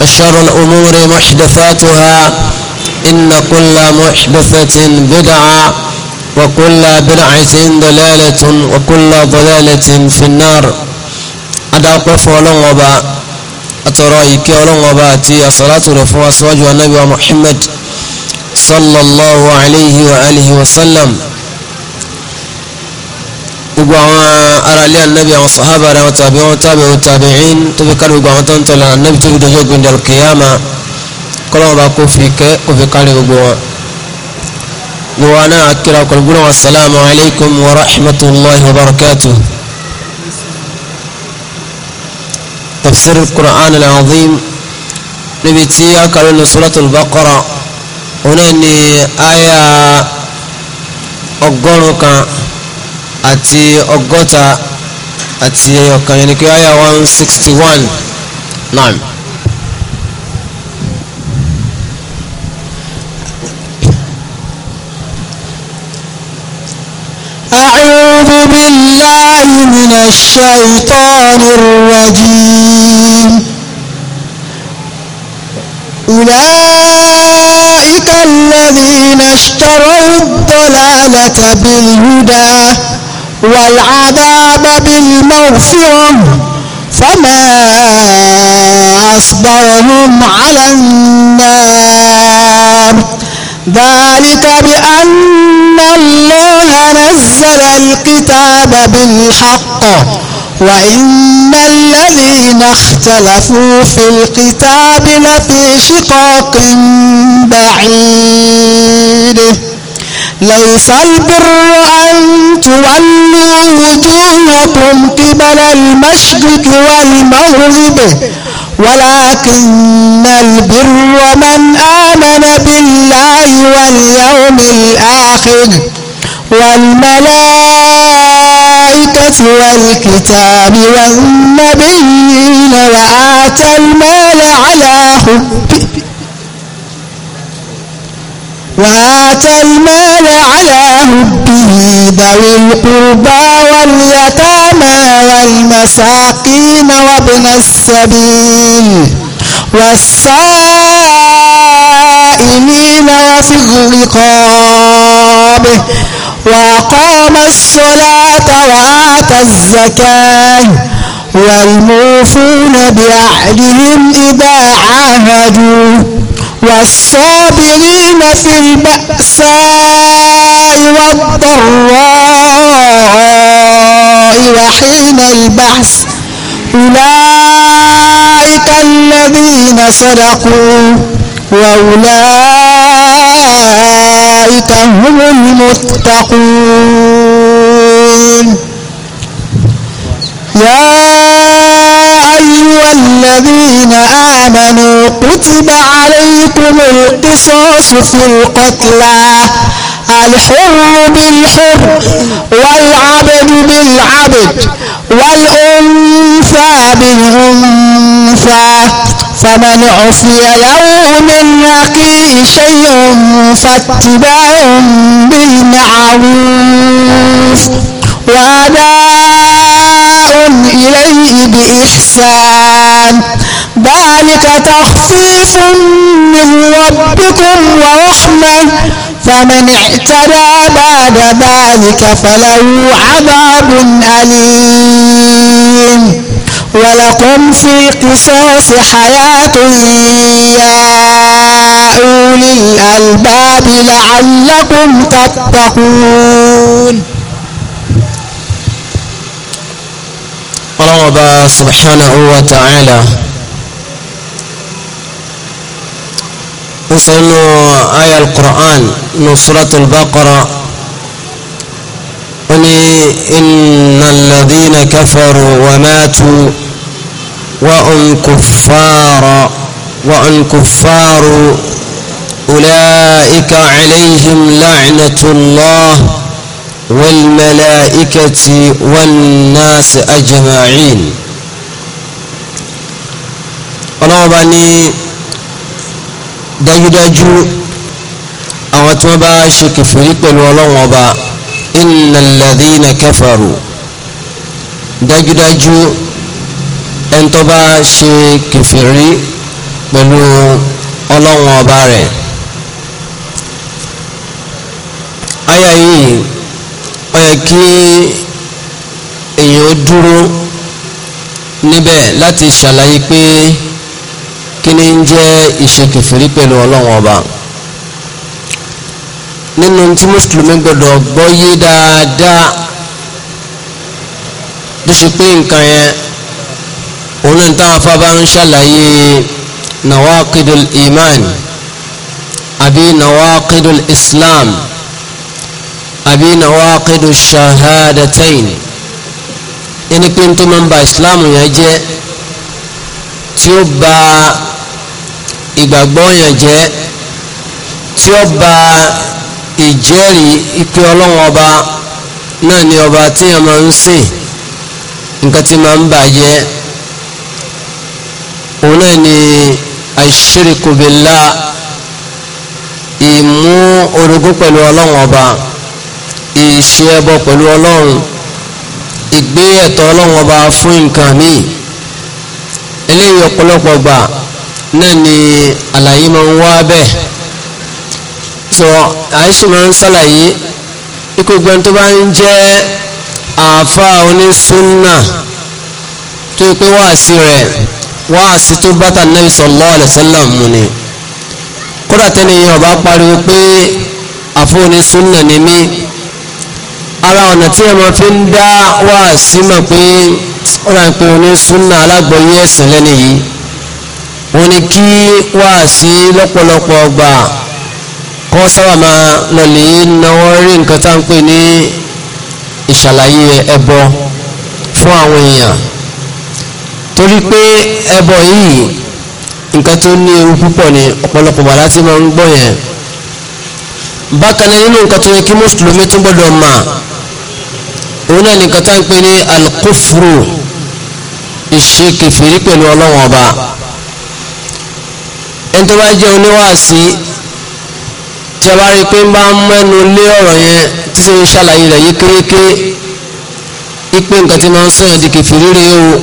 وشر الأمور محدثاتها إن كل محدثة بدعة وكل بدعة ضلالة وكل ضلالة في النار أدعى قف ولنغبا أترايك ولنغبا تي صلاة رفوة النبي محمد صلى الله عليه وآله وسلم وقال لي النبي وصحابة وطابعوا وطابعوا وطابعين تبقلوا وقعوتان طلع النبي تبقلوا عند القيامة قلوا باقوا فيك وفقالوا وقعوا وانا أكرا وقلوا والسلام عليكم ورحمة الله وبركاته تفسير القرآن العظيم نبي تيا قالوا سورة البقرة هنا اني آية أقولوا àti ọgọ́ta àti ọ̀kan yẹn ni pé àyà one sixty one naam. أعوذ بالله من الشيطان الرجيم أولئك الذين اشتروا الضلالة بالهدى والعذاب بالمغفرة فما أصبرهم على النار ذلك بأن الله نزل الكتاب بالحق وإن الذين اختلفوا في الكتاب لفي شقاق بعيد ليس البر أن تولوا وجوهكم قبل المشرق والمغرب ولكن البر من آمن بالله واليوم الآخر والملائكة والكتاب والنبيين وآتى المال على حبه وآتى المال على حبه ذوي القربى واليتامى والمساكين وابن السبيل والسائلين وفي الرقاب وأقام الصلاة وآتى الزكاة والموفون بعهدهم إذا عاهدوا والصابرين في البأساء والضراء وحين البحث أولئك الذين صدقوا وأولئك هم المتقون يا الذين آمنوا كتب عليكم القصاص في القتلى الحر بالحر والعبد بالعبد والأنثى بالأنثى فمن عفي له من أخيه شيء فاتباع بالمعروف وأداء إليه بإحسان ذلك تخفيف من ربكم ورحمة فمن اعتدى بعد ذلك فله عذاب أليم ولكم في قصاص حياة يا أولي الألباب لعلكم تتقون رب سبحانه وتعالى نسأل آية القرآن من سورة البقرة قل إن الذين كفروا وماتوا وأن كفار وأن كفار أولئك عليهم لعنة الله والملائكة والناس أجمعين ọlọ́ọ̀bá ní dájúdájú àwọn tí wọ́n bá ṣe kẹfìrí pẹ̀lú ọlọ́wọ́n ọba innal ladhina kafaru dájúdájú ẹni tó bá ṣe kẹfìrí pẹ̀lú ọlọ́wọ́n ọba rẹ̀. ayayi ó yẹ kí èèyàn dúró níbẹ̀ láti ṣàlàyé pé kí ni ń jẹ́ ìṣekèfèrí pẹ̀lú ọlọ́run ọba nínú tí mùsùlùmí gbọdọ̀ gbọ́yé dáadáa tó ṣe pé nǹkan yẹn òun náà táwọn afábá ń ṣàlàyé nawaqidul iman àbí nawaqidul islam àbí nàwákìdù ṣahadatain ẹni pé tó máa ń ba islam yẹn jẹ́ tí ó ba ìgbàgbọ́ yẹn jẹ́ tí ó ba ìjẹ́rìí ipe ọlọ́run ọba náà ni ọba tí yẹn máa ń sìn nǹkan tí máa ń bàjẹ́ òun náà ni ashirku billah ìmú orogún pẹ̀lú ọlọ́run ọba ìṣe ẹbọ pẹ̀lú ọlọ́run ìgbé ẹ̀tọ́ ọlọ́run ọba fún nǹkan míì eléyìí ọ̀pọ̀lọpọ̀ gbà náà ni àlàyé máa ń wá bẹ́ẹ̀ sọ àìsí máa ń ṣàlàyé ikú gbẹ́ni tó bá ń jẹ́ àáfàá onísúnnà tó pé wáàsí rẹ̀ wáàsí tó bàtà Nabi sallallahu alaihi mu ni kódà tẹ́lẹ̀ yẹn ọba pariwo pé àfọ́ onísúnnà ni mí. ara ọ̀nà tí ẹmọ fi ń dá wà sí mọ̀ pé ọ̀nà ìpè òní súnà alágbọ̀yé ẹ̀sìn lẹ́nu yìí wọ́n ní kí wà sí lọ́pọ̀lọpọ̀ ọgbà kọ́ sábà máa lọlé náwó rí nǹkan tá à ń pè ní ìṣàlàyé ẹbọ fún àwọn èèyàn torí pé ẹbọ yìí nǹkan tó ní ewu púpọ̀ ni ọ̀pọ̀lọpọ̀ wà láti máa ń gbọ́ yẹn bákan náà nínú nǹkan tó yẹ kí mùsùlùmí tún gbọ́dọ̀ mà òun náà nìkan tá ń pè ní alukófuru ìṣe kẹfìrí pẹ̀lú ọlọ́wọ́n ọba ẹni tó bá jẹ́ oníwàásí tí a bá rí i pé ń bá ń mẹ́nu lé ọ̀rọ̀ yẹn tí sì ń ṣàlàyé rẹ̀ yékéyéké ipe nǹkan tí máa ń sọ̀rọ̀ di kẹfìrí rèé o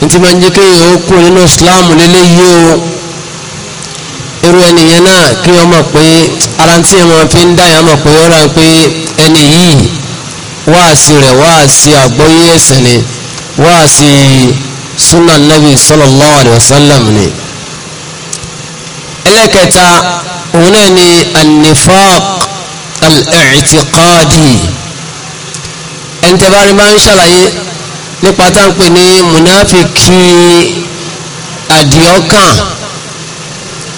ní ti máa ń jẹ́ kéèyàn ó kú nínú Islam lélẹ́yìí o irú ẹnìyẹn náà kí wọ́n mọ̀ pé ara tí ẹ máa fi ń dá yẹn mọ̀ pé ó rà pé ẹni yìí wáàsí rẹ̀ wáàsí àgbọ́yé ẹ̀sìn ni wáàsí sunna nabi sallallahu alayhi wa sallam ni. ẹlẹ́kẹta òun náà ni anifaq al-i'tiqadi ẹnitẹ́bárí máa ń ṣàlàyé nípa tá ní munafiki àdìọ́kàn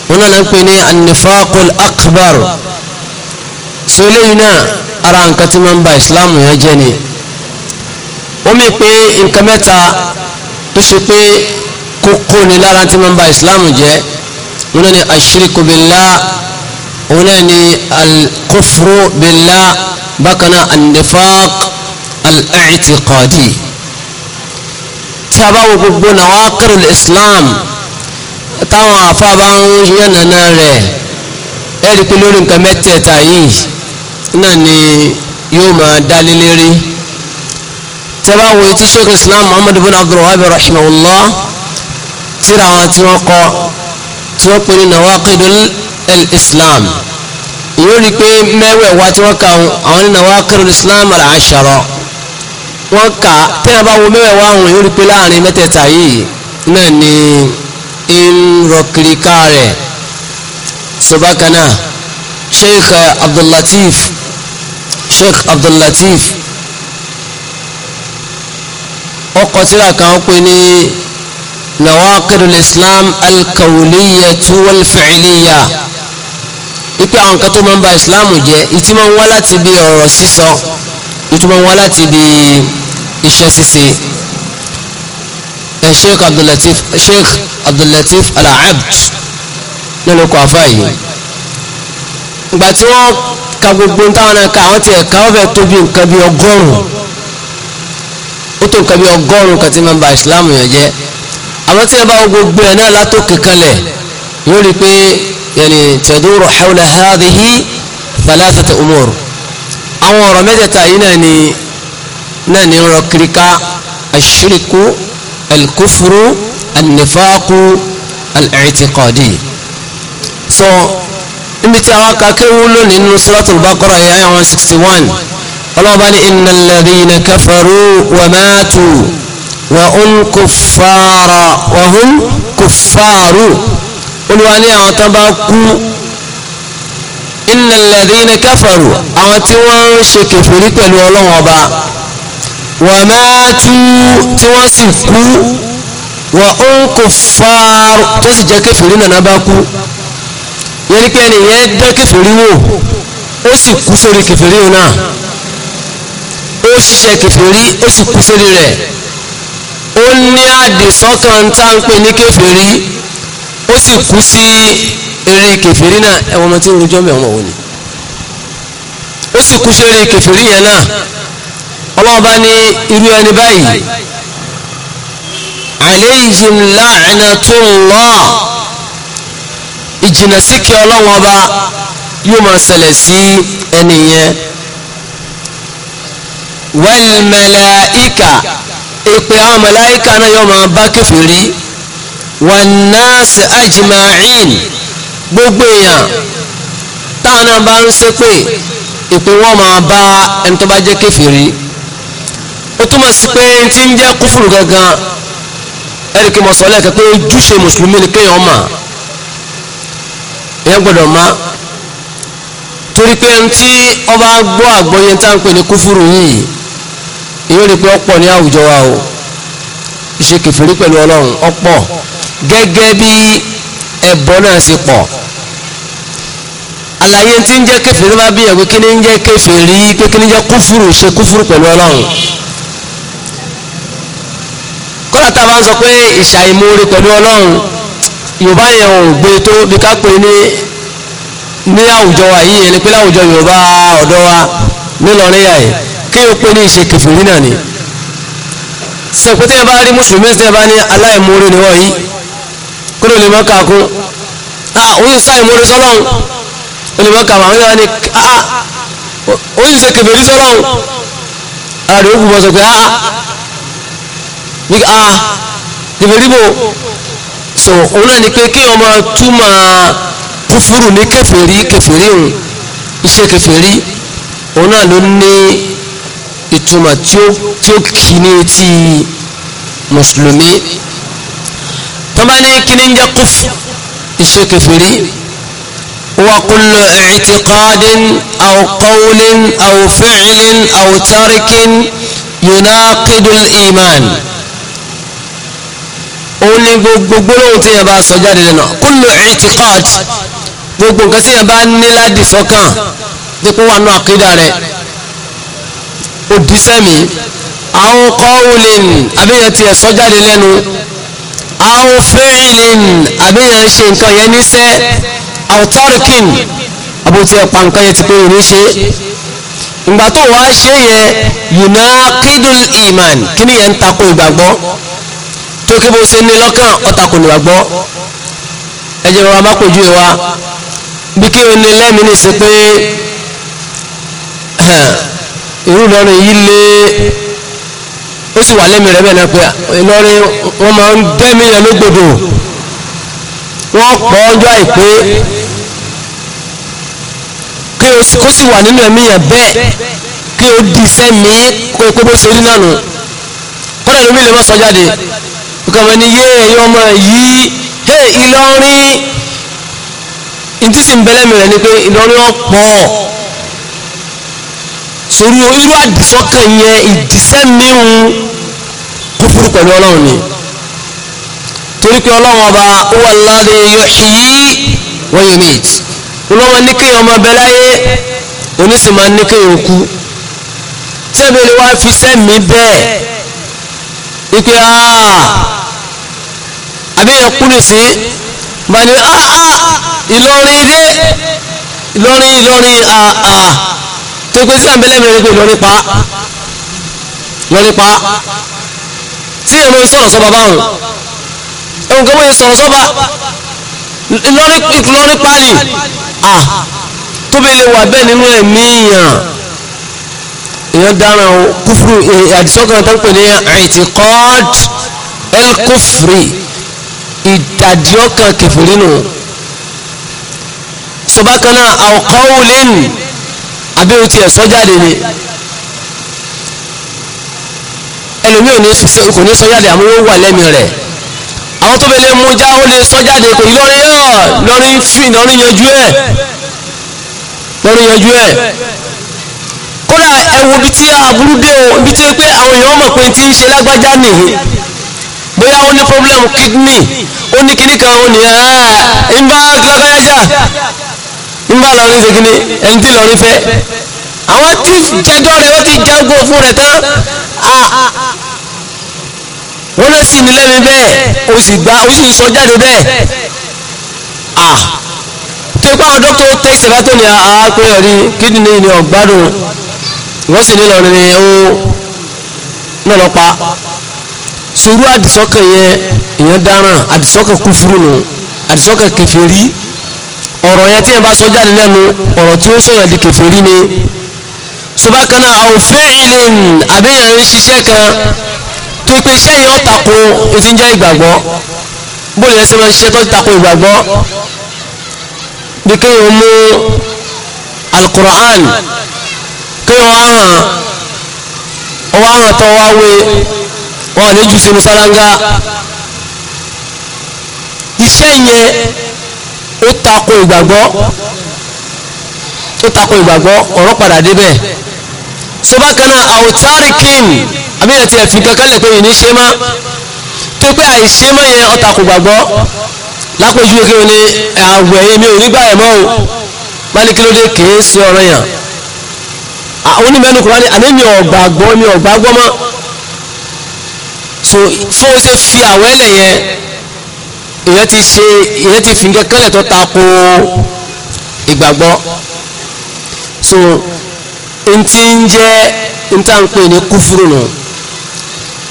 òun náà ń pè ní anifaq al-akbar so eléyìí náà ara nǹkan tí wọ́n ń ba ìsìláàmù yẹn jẹ́ ni ó mì pé nǹkan mẹ́ta tó ṣe pé kókó ni lára tí wọ́n ń ba ìsìláàmù jẹ́ wọn ni ashiriku billah wọn ni alkufru billah bákan náà annifaq al tí a bá wo gbogbo nawaqirul islam táwọn àfa bá ń yànnàna rẹ̀ ẹ̀rí pé lórí nǹkan mẹ́tẹ̀ẹ̀ta yìí náà ni yóò máa dálé lérí tẹ́bá wo etí sheikh islam muhammadu bin abdul wahab rahimahullah tíra àwọn tí wọ́n kọ tí wọ́n pè ní nawaqidul islam ìwé rí i pé mẹ́wẹ̀ẹ̀wá tí wọ́n kà àwọn ní nawaqidul islam al-ashara wọ́n kà tẹ́yà bá wo mẹ́wẹ̀ẹ̀wá àwọn ìwé rí i pé láàrin mẹ́tẹ̀ẹ̀ta yìí náà ni ń rọ kiri ká rẹ̀ sọ sheikh abdul latif sheikh abdullateef ọkọ̀ tíra kan ó pè ní nawaqidul islam alkawuliyatu walficiliya ipe àwọn kan tó máa ń ba islam jẹ́ ìtí máa ń wá láti ibi ọ̀rọ̀ sísọ ìtí máa ń wá láti ibi iṣẹ́ ṣíṣe sheikh abdullateef sheikh abdullateef alaabd nínú kọ́ afáyé ìgbà tí wọ́n ka gbogbo táwọn náà ka àwọn tiẹ̀ ká wọ́n fẹ́ tóbi nǹkan bíi ọgọ́rùn-ún ó tó nǹkan bíi ọgọ́rùn-ún kan tí máa ń ba ìsìláàmù yẹn jẹ́ àwọn tí wọ́n bá gbogbo ẹ̀ náà látó kankanlẹ̀ yóò rí i pé yẹnì tẹ̀dúrò hawla hadhihi thalathata umur àwọn ọ̀rọ̀ mẹ́tẹ̀ẹ̀ta yìí náà ni náà ni rọ kirika ashiriku alkufuru alnifaku al so níbi tí àwọn akéwú lónìí nínú suratul baqara yẹn ayé one sixty one ọlọ́ọ̀bá ní innal ladhina kafaru wa matu wa hum kuffara wa hum kuffaru olùwà ní àwọn tó bá kú innal ladhina kafaru àwọn tí wọ́n ń ṣe kèfèrí pẹ̀lú Ọlọ́run ọba wa tí wọ́n sì kú wa hum tó sì jẹ́ kèfèrí nànà bá kú yẹn ni pé ẹni yẹn dán kèfèrí wò ó sì kú sórí kèfèrí òun náà ó ṣe kèfèrí ó sì kú sórí rẹ̀ ó ní àdìsọ́kàn tá ń pè ní kèfèrí ó sì kú sí eré kèfèrí náà ẹ̀wọ̀n ọmọ tí ń rojọ́ mẹ́wọ̀n wò ni ó sì kú sórí kèfèrí yẹn náà ọlọ́ọ̀bá ní irú ẹni báyìí alayhim la'natullah ìjìnà sí kí ọlọ́run ọba yóò máa ṣẹlẹ̀ sí ẹni yẹn wal malaika ìpè àwọn màláíkà náà yóò máa bá kèfèrí wan nas ajma'in gbogbo èèyàn táwọn náà bá ń ṣépè ìpè wọn máa bá ẹni tó bá jẹ́ kèfèrí ó túmọ̀ sí pé ẹni tí ń jẹ́ kúfùrù gangan ẹ̀rì kí mo ojúṣe mùsùlùmí ni kéèyàn máa èèyàn gbọ́dọ̀ ma, torí pé ẹni tí ọba gbọ́ àgbọ́yé tá à ń pè ní kúfúrú yìí èèyàn rí pé ọ̀pọ̀ ní àwùjọ wa o ìṣe kẹfìrí pẹ̀lú ọlọ́run ọ̀pọ̀ gẹ́gẹ́ bí ẹ̀bọ náà ṣe pọ̀ àlàyé tí ń jẹ́ kẹfìrí bá bí pé kí ni ń jẹ́ kẹfìrí pé kí ni ń jẹ́ kúfúrú ṣe kúfúrú pẹ̀lú ọlọ́run kódà tá a bá ń sọ pé ìṣàìmóore pẹ̀lú ọlọ́run yorùbá yẹn ò gbé tó bí ká pè ní ní àwùjọ wa yìí ẹni pé láwùjọ yorùbá ọ̀dọ́ wa nílọrin yà yìí kí o pè ní ìṣe kẹfìrí náà ni sẹpẹtẹ bá rí mùsùlùmí sẹ bá ní aláìmoore ni wọ́n yìí kúrò lè mọ́ kàkún oyin sáyé moore sọ́lọ́run olùmọ̀ kàwọn àwọn ènìyàn ni oyin ṣe kẹfìrí sọ́lọ́run ààrẹ sọ pé ah bò so òun náà ni pé kí ọmọ túmọ̀ kúfúrú ní kẹfẹ́rí kẹfẹ́rí òun iṣẹ́ kẹfẹ́rí òun náà ló ní ìtumọ̀ tí ó tí ó kì ní etí mùsùlùmí tọ́ba ní kíní ń jẹ́ kúf iṣẹ́ kẹfẹ́rí wa kullu i'tiqadin aw qawlin aw fi'lin aw tarikin yunaqidu iman òun ni gbogbo gbólóhùn tí yẹn bá sọ jáde lẹ́nu kullu i'tiqad gbogbo nǹkan tí yẹn bá ní láti sọ́kàn dípò wà nù àkídà rẹ̀ òdìsẹ́mi àwọn qawlin àbíyàn tiẹ̀ sọ jáde lẹ́nu àwọn fi'lin àbíyàn ṣe nǹkan yẹn níṣẹ́ àwọn tarkin àbótí ẹ̀pà yẹn ti pé òní ṣe ìgbà tó wàá ṣe yẹn yunaqidul iman kí ni yẹn ń takò ìgbàgbọ́ tó kí bó ṣe ní lọ́kàn ọ̀tà kò níwà gbọ́ ẹjẹ bàbá má kojú ẹ wa bí kí o ní lẹ́mìí ní sí pé irú Ìlọrin yìí lé ó sì wà lẹ́mìí rẹ̀ bẹ́ẹ̀ náà pé Ìlọrin wọ́n máa ń dẹ́mìí yẹn lógbòdò wọ́n pọ̀ ọjọ́ àìpé kó sì wà nínú ẹ̀mí yẹn bẹ́ẹ̀ kí o di sẹ́mi kó o kó bó ṣe rí náà nù kọ́dà lómi lè má sọ jáde kàmá ni yé ẹ̀yọ́ ọmọ yìí hé Ìlọrin ntí sì ń bẹ́lẹ̀ mi rẹ̀ ni pé Ìlọrin ọ̀pọ̀ sórí irú àdìsọ́kàn yẹn ìdìsẹ́ mìíràn kúfúrú pẹ̀lú ọlọ́run ni torí pé ọlọ́run ọba wà ládé yọ̀hìyí wọ́n yóò méjì olówó níkéyàn ọmọ bẹ láyé onísìmá níkéyàn òkú tẹ́bẹ̀lẹ̀ wá fi sẹ́mi bẹ́ẹ̀ ipe aaa àbíyàn kú nìsí bá ní àà ah, ah, ah, ìlọrin dé ìlọrin ìlọrin àà tó gbé sí àmìlẹ́mìlẹ́ pé ìlọrin pa ìlọrin pa tí ìrìn omi sọ̀rọ̀ sọ́ba báwọn ohun kan wọ́n sọ̀rọ̀ sọ́ba ìlọrin ìlọrin parí à tóbi lè wà bẹ́ẹ̀ nínú ẹ̀mí yàn èèyàn dára o kúfúrú eh, àdìsọ́kàn tó ń pè ní àìtìkọ́ọ̀d ẹ̀kúfúrì ìdàdí ọkàn kẹfìrí nù sọbákaná àwọkọ́ wò lẹ́nu àbí o tiẹ̀ sọ́jáde ni ẹlòmí ò ní kò ní sọ́jáde àmọ́ ó wà lẹ́mi rẹ̀ àwọn tó fẹ́lẹ́ mú já ó lè sọ́jáde kò lọ́rin yọ̀ lọ́rin fi lọ́rin yanjú ẹ̀ lọ́rin yanjú ẹ̀ kódà ẹ̀wù bí tí aburú dé o bí tí pé àwọn èèyàn mọ̀ pé tí ń ṣe lágbájá nìyí bóyá ó ní problem kidney ó ní kíní kan ó ní ẹ́ ń bá lágbájá ń bá lọrin ṣe kíní ẹni tí lọrin fẹ́ àwọn tí jẹjọ́ rẹ̀ ó ti jago fún rẹ̀ tán ah, wọ́n náà sì ní lẹ́mi bẹ́ẹ̀ o sì gbá o sì sọ jáde bẹ́ẹ̀ ah, tó ipá àwọn dókítà ó tẹ́sí ẹ̀fà tó ní àápẹ́ ah, ẹ̀rí kídìní ni ọ̀gbádùn wọ́n sì ní lọrin ni ó náà lọ sorú àdìsọ́kàn yẹn èèyàn dáràn àdìsọ́kàn kúfúrú nù àdìsọ́kàn kèfèrí ọ̀rọ̀ yẹn tí yẹn bá sọ jáde lẹ́nu ọ̀rọ̀ tí ó sọ̀yàn di kèfèrí ne subakana kana ìlẹ̀n àbẹ́yẹn ń ṣiṣẹ́ kan tó pé iṣẹ́ yẹn ó tako etí ń jẹ́ ìgbàgbọ́ bóyá ẹsẹ̀ máa ń ṣiṣẹ́ tó ti tako ìgbàgbọ́ bí kéèyàn mú alukur'an kéèyàn wá hàn ọwọ́ àwọn tó wọn lè jù sínú sálángá iṣẹ́ yẹn ó tako ìgbàgbọ́ ó tako ìgbàgbọ́ ọ̀rọ̀ padà débẹ̀ sọ́bàkaná àwòtárì kín àbíyàn ti ẹ̀fìn kankan lè pé yìí ní ṣe má tó pé àìṣe má yẹn ó tako ìgbàgbọ́ lápẹjú kí o ní àwẹ̀ yẹn mi ò ní gbà ẹ̀ mọ́ o bá kí ló dé kìí ṣe ọ̀rọ̀ yàn onímọ̀ ẹnu kùránì àní mi ò gbàgbọ́ mi ò gbàgbọ́ mọ́ so fún ó ṣe fi àwẹ́lẹ̀ yẹn ìyẹn ti ṣe ìyẹn ti fi nǹkan kẹ́lẹ̀ tó ta ko ìgbàgbọ́ so n ti ń jẹ́ n ń pè ní kúfúrú nù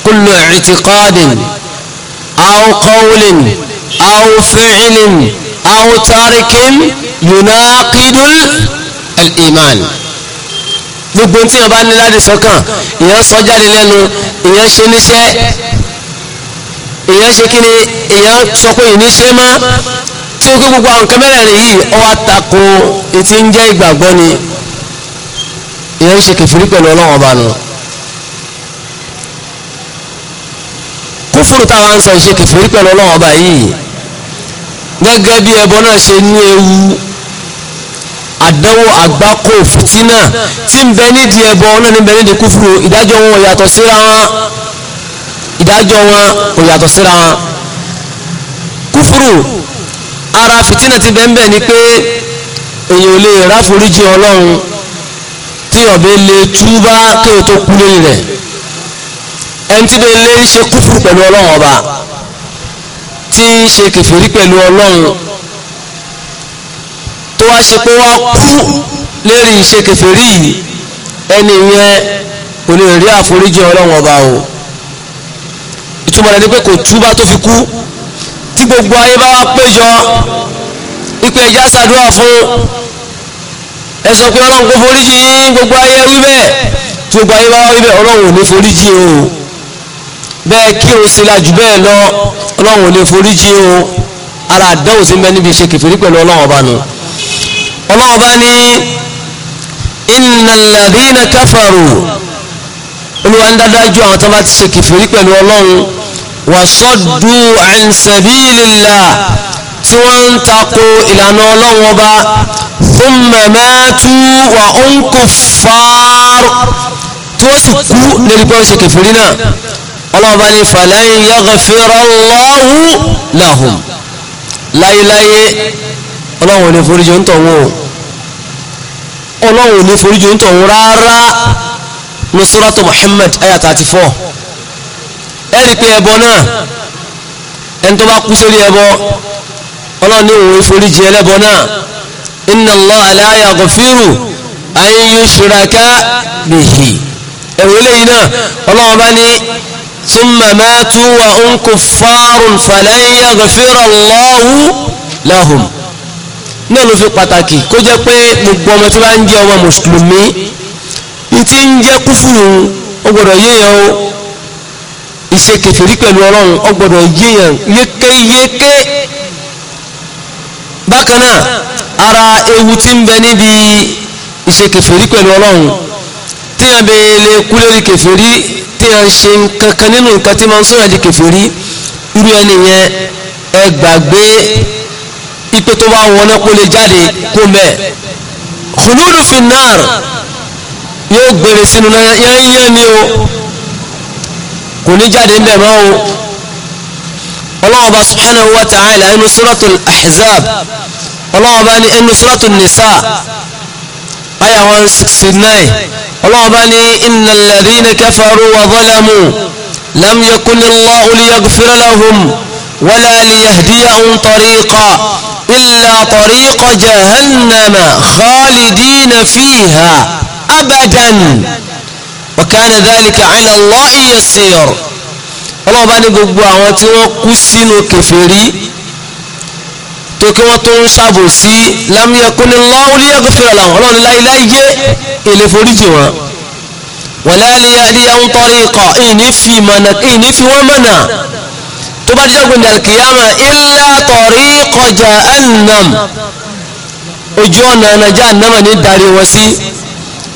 kullu i'tiqadin aw qawlin aw fi'lin aw tarikin yunaqidul al-iman gbogbo tí yẹn bá ní láti sọ́kàn ìyẹn sọ jáde lẹ́nu ìyẹn ṣe níṣẹ́ ìyẹn ṣe kí ni ìyẹn sọ pé ìní ṣe mọ́ tí ó kí gbogbo àwọn nǹkan yìí ó wá ètí ń jẹ́ ìgbàgbọ́ ni ìyẹn ṣe kẹfìrí pẹ̀lú ọlọ́wọ́n ọba nù. kúfùrù táwọn sọ ṣe kẹfìrí pẹ̀lú ọlọ́wọ́n ọba yìí gẹ́gẹ́ bí ẹbọ náà ṣe ní ewu àdánwò àgbákò fìtínà tí ń bẹ nídìí ẹbọ ọlọ́ni bẹ nídìí kúfùrù ìdájọ́ wọn ò yàtọ̀ síra wọn ìdájọ́ wọn ò yàtọ̀ síra wọn kúfùrù ara fìtínà ti bẹ ń bẹ ni pé èyàn ò lè ráforíjì ọlọ́run tí ọ̀bẹ lè túbá kí o tó kú lórí rẹ̀ ẹni tí bẹ́ẹ̀ lè ṣe kúfùrù pẹ̀lú ọlọ́run ọba tí ń ṣe kẹfìrí pẹ̀lú ọlọ́run tó wá ṣe pé wọ́n kú lérí ìṣe kèfèrí yìí ẹni yẹn kò ní rí àforíjì ọlọ́run ọba o ìtumọ̀ rẹ̀ ni pé kò túbá tó fi kú tí gbogbo ayé bá wá péjọ ipe ẹja ṣàdúrà fún ẹ sọ pé ọlọ́run kò foríjì yín gbogbo ayé wí bẹ́ẹ̀ tí gbogbo ayé bá wá wí bẹ́ẹ̀ ọlọ́run ò ní foríjì o bẹ́ẹ̀ kí o sì lajú bẹ́ẹ̀ lọ ọlọ́run ò ní foríjì o ara àdánwò sí mẹ́ níbi ìṣe kèfèrí pẹ̀lú ọlọ́run ọba nù ọlọ́wọ́ bá ní innal ladhina kafaru olúwa ń dájú àwọn tó bá ti ṣe kìfìrí pẹ̀lú ọlọ́run wa saddu an sabilillah tí wọ́n ń tako ìlànà ọlọ́run ọba thumma matu wa hum kuffar tí wọ́n sì kú lórí pé wọ́n ṣe kìfìrí náà ọlọ́run ní falan yaghfira Allahu lahum láyéláyé ọlọ́run ò ní foríjì ń tọ̀ ọlọ́run ò ní foríjì ń tọ̀hún rárá ní suratu Muhammad ayah thirty four ẹ rí i pé ẹbọ náà ẹni tó bá kú sórí ẹbọ ọlọ́run ní òun ìforíjì ẹlẹ́bọ náà inna Allaha la yaghfiru an yushraka bihi ẹ̀wọ̀n eléyìí náà ọlọ́run bá ní thumma matu wa hum kuffarun falan yaghfira náà ló fi pàtàkì kó jẹ́ pé gbogbo ọmọ tí wọ́n ń jẹ́ ọmọ mùsùlùmí tí ń jẹ́ kúfùrù ó yéèyàn o ìṣe kẹfìrí pẹ̀lú ọlọ́run ó gbọ́dọ̀ yéèyàn yékéyéké bákan náà ara ewu tí ń bẹ níbi ìṣe kẹfìrí pẹ̀lú ọlọ́run téèyàn bẹ lè kú lórí kẹfìrí téèyàn ṣe kankan nínú nǹkan tí máa ń sọ̀rọ̀ di kẹfìrí irú ẹni yẹn ẹ gbàgbé. ipe tó bá wọn náà kó lè jáde kó mẹ́ khuludu fi nar yo gbèrè sínú náà yányán ni o kò ní jáde nbe bẹ̀ o Allah ba subhanahu wa ta'ala inú suratul ahzab Allah ba ní inú suratul nisa aya 169 Allah ba ní innal ladhina kafaru wa zalamu لم يكن الله ليغفر لهم ولا ليهديهم طريقا إلا طريق جهنم خالدين فيها أبدا وكان ذلك على الله يسير الله بان يقبوا عواتنا قسنوا كفري توكي وطنشابوا سي لم يكن الله ليغفر له الله لا إلهي إلي فريجوا ولا ليهديهم طريقا إني في منك إني في ومنا tó bá dídàgbò ní alkiyama illa tariqa jahannam ojú ọ̀nà ẹ̀nà jahannama ní darí wọn sí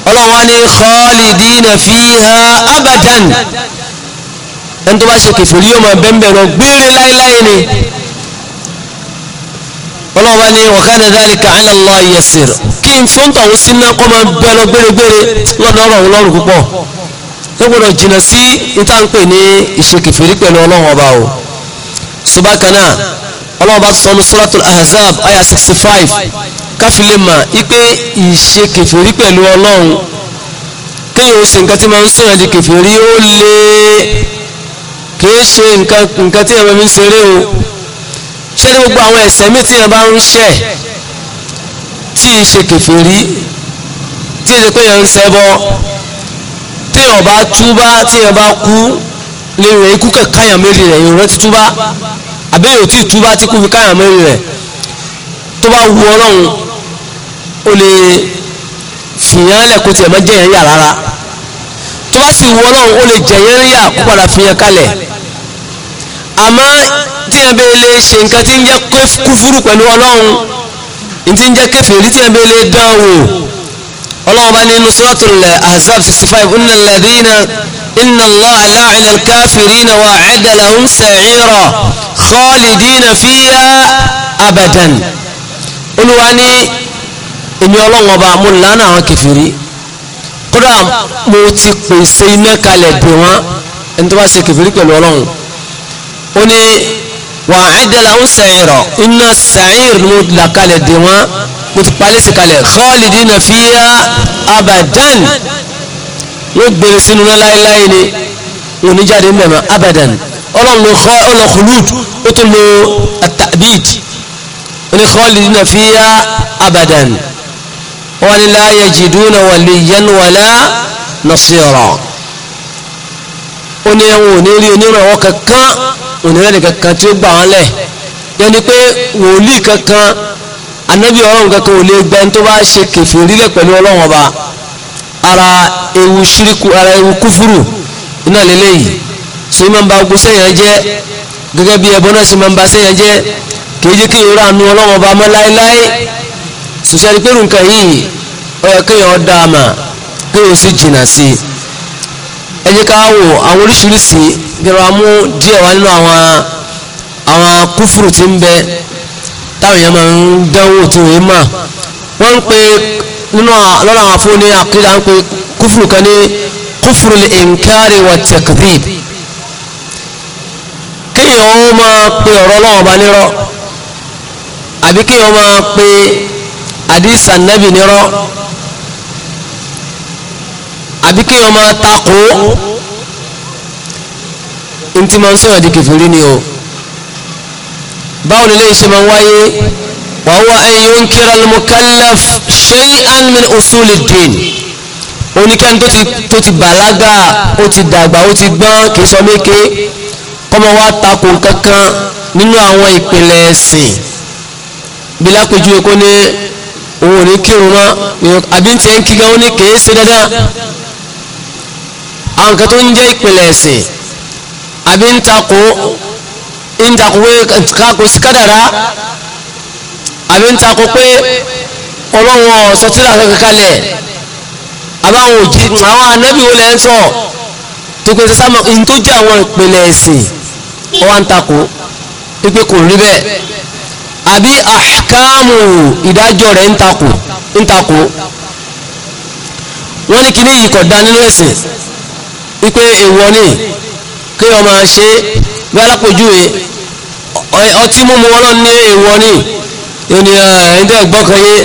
ọlọ́run wá ní khalidina fiha abadan ẹni tó bá ṣe kèfèrí yóò máa bẹ́ẹ̀ lọ gbére láéláé ni ọlọ́run wá ní wa kana dhalika ala Allah yasir kí n fún tọ̀hún sí náà kọ́ máa bẹ́ẹ̀ lọ gbéregbére lọ́dọ̀ ọ̀rọ̀ òun lọ́rùn púpọ̀ tó gbọdọ̀ jìnnà sí ìtànpè ní ìṣe kèfèrí pẹ̀lú ọlọ́run ọba o subakana ọlọ́run bá sọ suratul ahzab ayah sixty five káfílẹ̀ mà ipe ìṣe kẹfìrí pẹ̀lú ọlọ́run kéèyàn ó ṣe nǹkan tí máa ń sèyàn di kẹfìrí ó lé kìí ṣe nǹkan tí ẹ̀mọ́ mi ń ṣeré o ṣé ní gbogbo àwọn ẹ̀ṣẹ̀ mi tí ẹ̀ bá ń ṣẹ̀ tí ì kẹfìrí tí ì pé yẹn ń ṣẹbọ tí ì ọba túbá tí ì ọba kú lè rẹ̀ ikú kẹ̀ káyàn méjì rẹ̀ ìrọ̀ ti túbá àbẹ́yẹ̀ òtí túbá tí kú fi káyàn méjì rẹ̀ tó bá wu ọlọ́run ó lè fìyàn lẹ́kọ̀ọ́ tiẹ̀ má jẹ̀yàn yà rárá tó bá sì wu ọlọ́run ó lè jẹ̀yàn yà kó padà fìyàn kalẹ̀ àmọ́ tí ẹ bẹ́ẹ̀ lè ṣe nǹkan tí ń jẹ́ kúfúrú pẹ̀lú ọlọ́run tí ń jẹ́ kèfèrí tí ẹ bẹ́ẹ̀ lè dán wò bá ní inú suratul Ahzab sixty five ó ní إن الله لعن الكافرين وعد لهم سعيرا خالدين فيها أبدا قلوا أني إن يولون وبعمل لنا كفيري قد موتي قيسينك لدوا انتوا سي كفيري قلوا لهم قلوا وعد لهم سعيرا إن السعير مطلق لدوا متقالس خالدين فيها أبدا yóò gbére sínú náà láéláé ni oníjáde mẹ́mọ́ abadan ọlọ́run ló kọ́ ọlọ́kùlùd ó tún lo atabid oní khalidina fiya abadan wọn ni la yajiduna waliyan wala nasira ó ní ẹ̀wọ̀n ò ní rí onírànwọ́ kankan onírànwọ́ kankan tí ó gbà wọ́n lẹ̀ yẹn ni pé wòlíì kankan anabi ọlọ́run kankan ò lè gbẹ́ni tó bá ṣe kẹfìrí lẹ̀ pẹ̀lú ọlọ́run ọba ara ewu ṣíríkù ara ewu kúfúrù iná lélẹ́yìí so ìmọ̀ ń ba ogun sẹ́yìn jẹ́ gẹ́gẹ́ bí ẹbọ náà sì máa ń ba sẹ́yìn jẹ́ kì í jẹ́ kí ìrora àánú ọlọ́wọ́n ba mọ́ láéláé sòṣàlì pẹ̀lú nǹkan yìí ọ̀yọ̀ kéèyàn dá a mà kéèyàn sì jìnnà sí i ẹ jẹ́ ká wò àwọn oríṣiríṣi gẹ̀rọ amú díẹ̀ wá nínú àwọn àwọn kúfúrù tí ń bẹ táwọn èèyàn máa ń dánwò tí wọ́n yé mà wọ́n ń pe nínú lọ́la àwọn afọ́ ní àkídà ń pè kúfùrù kan ní kúfùrù ìǹkárí wa takdhib kéèyàn ó máa pe ọ̀rọ̀ ọlọ́wọ́ bá nírọ́ àbí kéèyàn máa pe àdìsá nábì nírọ́ àbí kéèyàn máa takò ntí máa ń sọ̀rọ̀ di kẹfìrí ni o báwo ni lè máa ń wáyé wàá wá ẹyin ó ń kíra al shay'an min usuli din oníkẹ́ni tó ti tó ti bàlágà ó ti dàgbà ó ti gbọ́n kì í sọ méke kọ́mọ wa takò kankan nínú àwọn ìpìlẹ̀ ẹ̀sìn bí lápẹjù kó ní òun ò ní kírun mọ́ àbí ń tiẹ̀ ń kíga ó ní kì ṣe dáadáa àwọn kan tó ń jẹ́ ìpìlẹ̀ ẹ̀sìn àbí ń takò ń takò pé kákò sí kádàrá àbí ń takò pé ọlọ́wọ́ sọtíra kankanlẹ̀ àbáwọn òjì àwọn anábì wo lẹ́ ń sọ tó pé sásámọ̀ ní tó jẹ́ àwọn ìpìlẹ̀ ẹ̀sìn ọwọ́ ń takò pípé kò rí bẹ́ẹ̀ àbí àkàmù ìdájọ́ rẹ̀ ń takò ń takò wọ́n ní kíní yìí kò dá nínú ẹ̀sìn wípé èèwọ̀ ni kí ọmọ ṣe bí alápòjúwe ọtí mímu wọn lọ ní èèwọ̀ ni ìní ẹ̀ ń tẹ́ gbọ́kànyé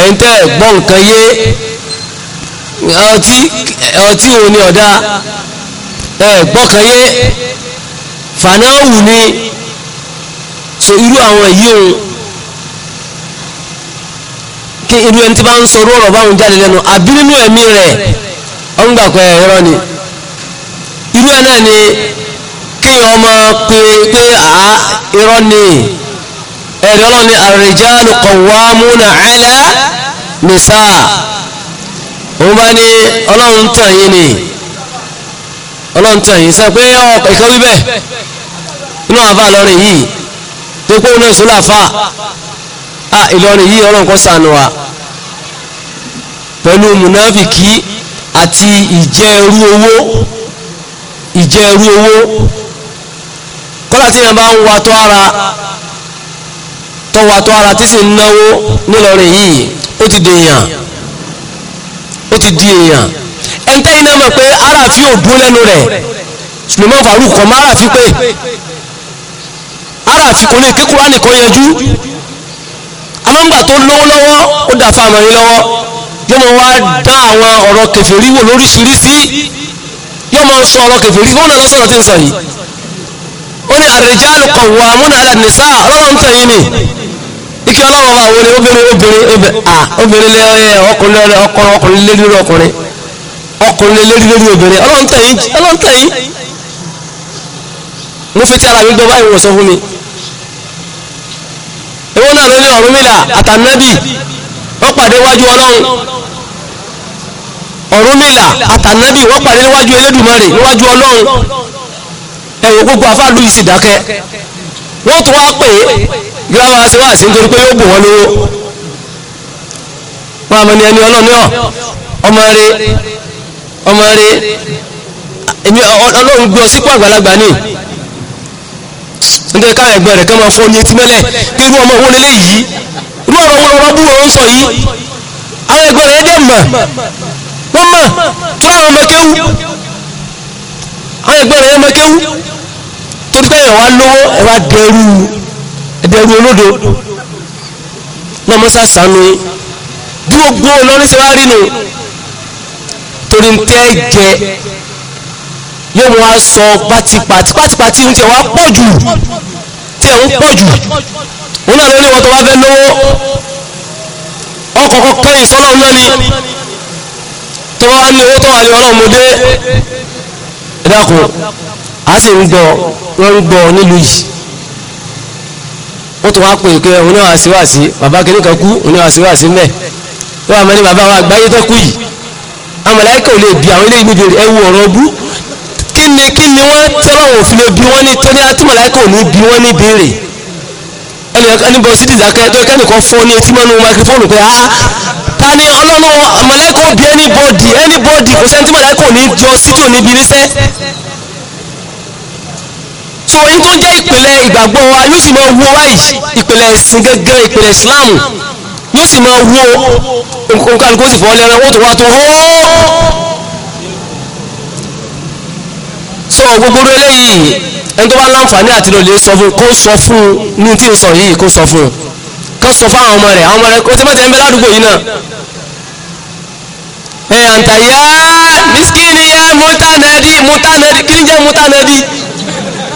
ẹ̀yin tẹ́ ẹ̀ gbọ́ nǹkan yé ọtí ọtí wo ni ọ̀dá gbọ́ kan yé fanáwù ni so irú àwọn èyí òun kí irú ẹni tí bá ń sọ̀rọ̀ ọ̀rọ̀ báwọn jáde lẹ́nu àbí nínú ẹ̀mí rẹ̀ ó ń gbà pé ẹ̀rọ ni irú ẹ̀ náà ni kéèyàn ọmọ pé pé àá irọ́ ni ẹ̀rí ọlọ́run ní ar-rijalu qawwamuna 'ala nisaa òun bá ní ọlọ́run tàn yín ni ọlọ́run tàn yín sẹ́ pé ẹ̀kọ́ wíbẹ̀ inú àfa lọ́rin yìí tó kó náà sólà fa a ìlọrin yìí ọlọ́run kọ́ sànù wa pẹ̀lú mùnáfìkì àti ìjẹ́rú owó ìjẹ́rú owó kọ́lá tí yẹn bá ń wa tó ara tọwọ́ àtọ́ ara tí sì ń náwó nílọrin yìí ó ti di èèyàn ó ti di èèyàn ẹ̀ńtẹ́yìn náà mọ̀ pé ara fi ò dún lẹ́nu rẹ̀ Suleiman Farouk kọ̀ mọ́ ara fi pé ara fi kò ní kí Kùránì kọ́ yanjú amóńgbà tó lówó lọ́wọ́ ó dà fáwọn yín lọ́wọ́ yóò mọ wá dá àwọn ọ̀rọ̀ kèfèrí wò lóríṣiríṣi yóò mọ sọ ọ̀rọ̀ kèfèrí fún ọ̀nà lọ́sọ̀rọ̀ tí ń sọ yìí ó ní ar-rijalu qawwamuna 'ala ọlọ́run tẹ̀yìn ni ike ọlọ́wọ́ bá wọlé obìnrin obìnrin obìnrin lé ọkùnrin lé ọkùnrin ọkùnrin lé lórí ọkùnrin ọkùnrin lé lórí obìnrin ọlọ́run tẹ̀yìn mo fi ti ara mi gbọ́ báyìí wò sọ fún mi èwo náà ló ní Ọ̀rúnmìlà àtànábì wọ́n pàdé wájú ọlọ́run Ọ̀rúnmìlà àtànábì wọ́n pàdé níwájú Elédùmarè níwájú ọlọ́run ẹ̀wò gbogbo afáàlú yìí sì dákẹ́ wọ́n tún wá pè é bí wọ́n máa ṣe wá sí nítorí pé yóò bù wọ́n lówó wọ́n àmọ́ ni ẹni ọlọ́ni ọ̀ ọmọ rẹ ọmọ rẹ èmi ọlọ́run gbé ọ sípò àgbàlagbà ni nítorí káwọn ẹgbẹ́ rẹ̀ kẹ́ máa fọ́ ní etí mẹ́lẹ̀ pé irú ọmọ òun lélẹ́yìí irú ọ̀rọ̀ òun lọ́wọ́ búrò ń sọ yìí àwọn ẹgbẹ́ rẹ̀ dẹ̀ mọ̀ wọ́n mọ̀ tó àwọn ọmọ kéwú àwọn ẹgbẹ́ rẹ̀ yẹn kéwú torí pé ẹ̀wà lówó ẹ̀wà dẹrú dẹrú olódo náà mọ́sá sànú yín bí gbogbo olórin ṣe wá rí nu torí ń tẹ́ jẹ yóò mú wa sọ pátipàti pátipàti ń tiẹ̀ wá pọ̀ jù ń pọ̀ jù náà lórí wọn wá fẹ́ lówó ọkọ̀ kọ̀ọ̀kan ìsọ́nà ọ̀nà ni tó wá ní owó tó wà ní ọlọ́mọdé ẹ̀dá kù a sì ń gbọ́ wọ́n ń gbọ́ nílùú yìí ó tún wá pè é pé òun náà wá sí bàbá kìíní kan kú òun náà wá sí wá ó wà mọ́ ní bàbá wa àgbáyé tó kú yìí amọ̀láyíkà ò lè bi àwọn eléyìí níbi ẹ wo ọ̀rọ̀ bú kí ni kí ni wọ́n tọ́lọ̀ wò fi lè bi wọ́n ní tóní atúmọ̀láyíkà ò ní bi wọ́n ní béèrè ẹnì bọ̀ sí dìdákẹ́ tó kẹ́nìkan fọ́ ní etí mọ́nú máikrófóònù pé ah ta ni ọlọ́run amọ̀láyíkà ò bi anybody anybody kò sẹ́ni ò ní jọ sí tí ò níṣẹ́ so in tó jẹ́ ìpìlẹ̀ ìgbàgbọ́ wa yóò sì máa wo wáyìí ìpìlẹ̀ ẹ̀sìn gẹ́gẹ́ ìpìlẹ̀ islam yóò sì máa wo nǹkan kó sì fọ́ lẹ́ran ó tó wá tó hóó so gbogbo eléyìí ẹni tó bá láǹfààní àti lò lè sọ fún kó sọ fún ní tí ń sọ yìí kó sọ fún kó sọ fún àwọn ọmọ rẹ̀ àwọn ọmọ rẹ̀ kó tí mọ́tẹ́ ń bẹ ládùúgbò yìí náà ẹ̀ àǹtà yá miskini yá mutanadi mutanadi kí ni jẹ́ mutanadi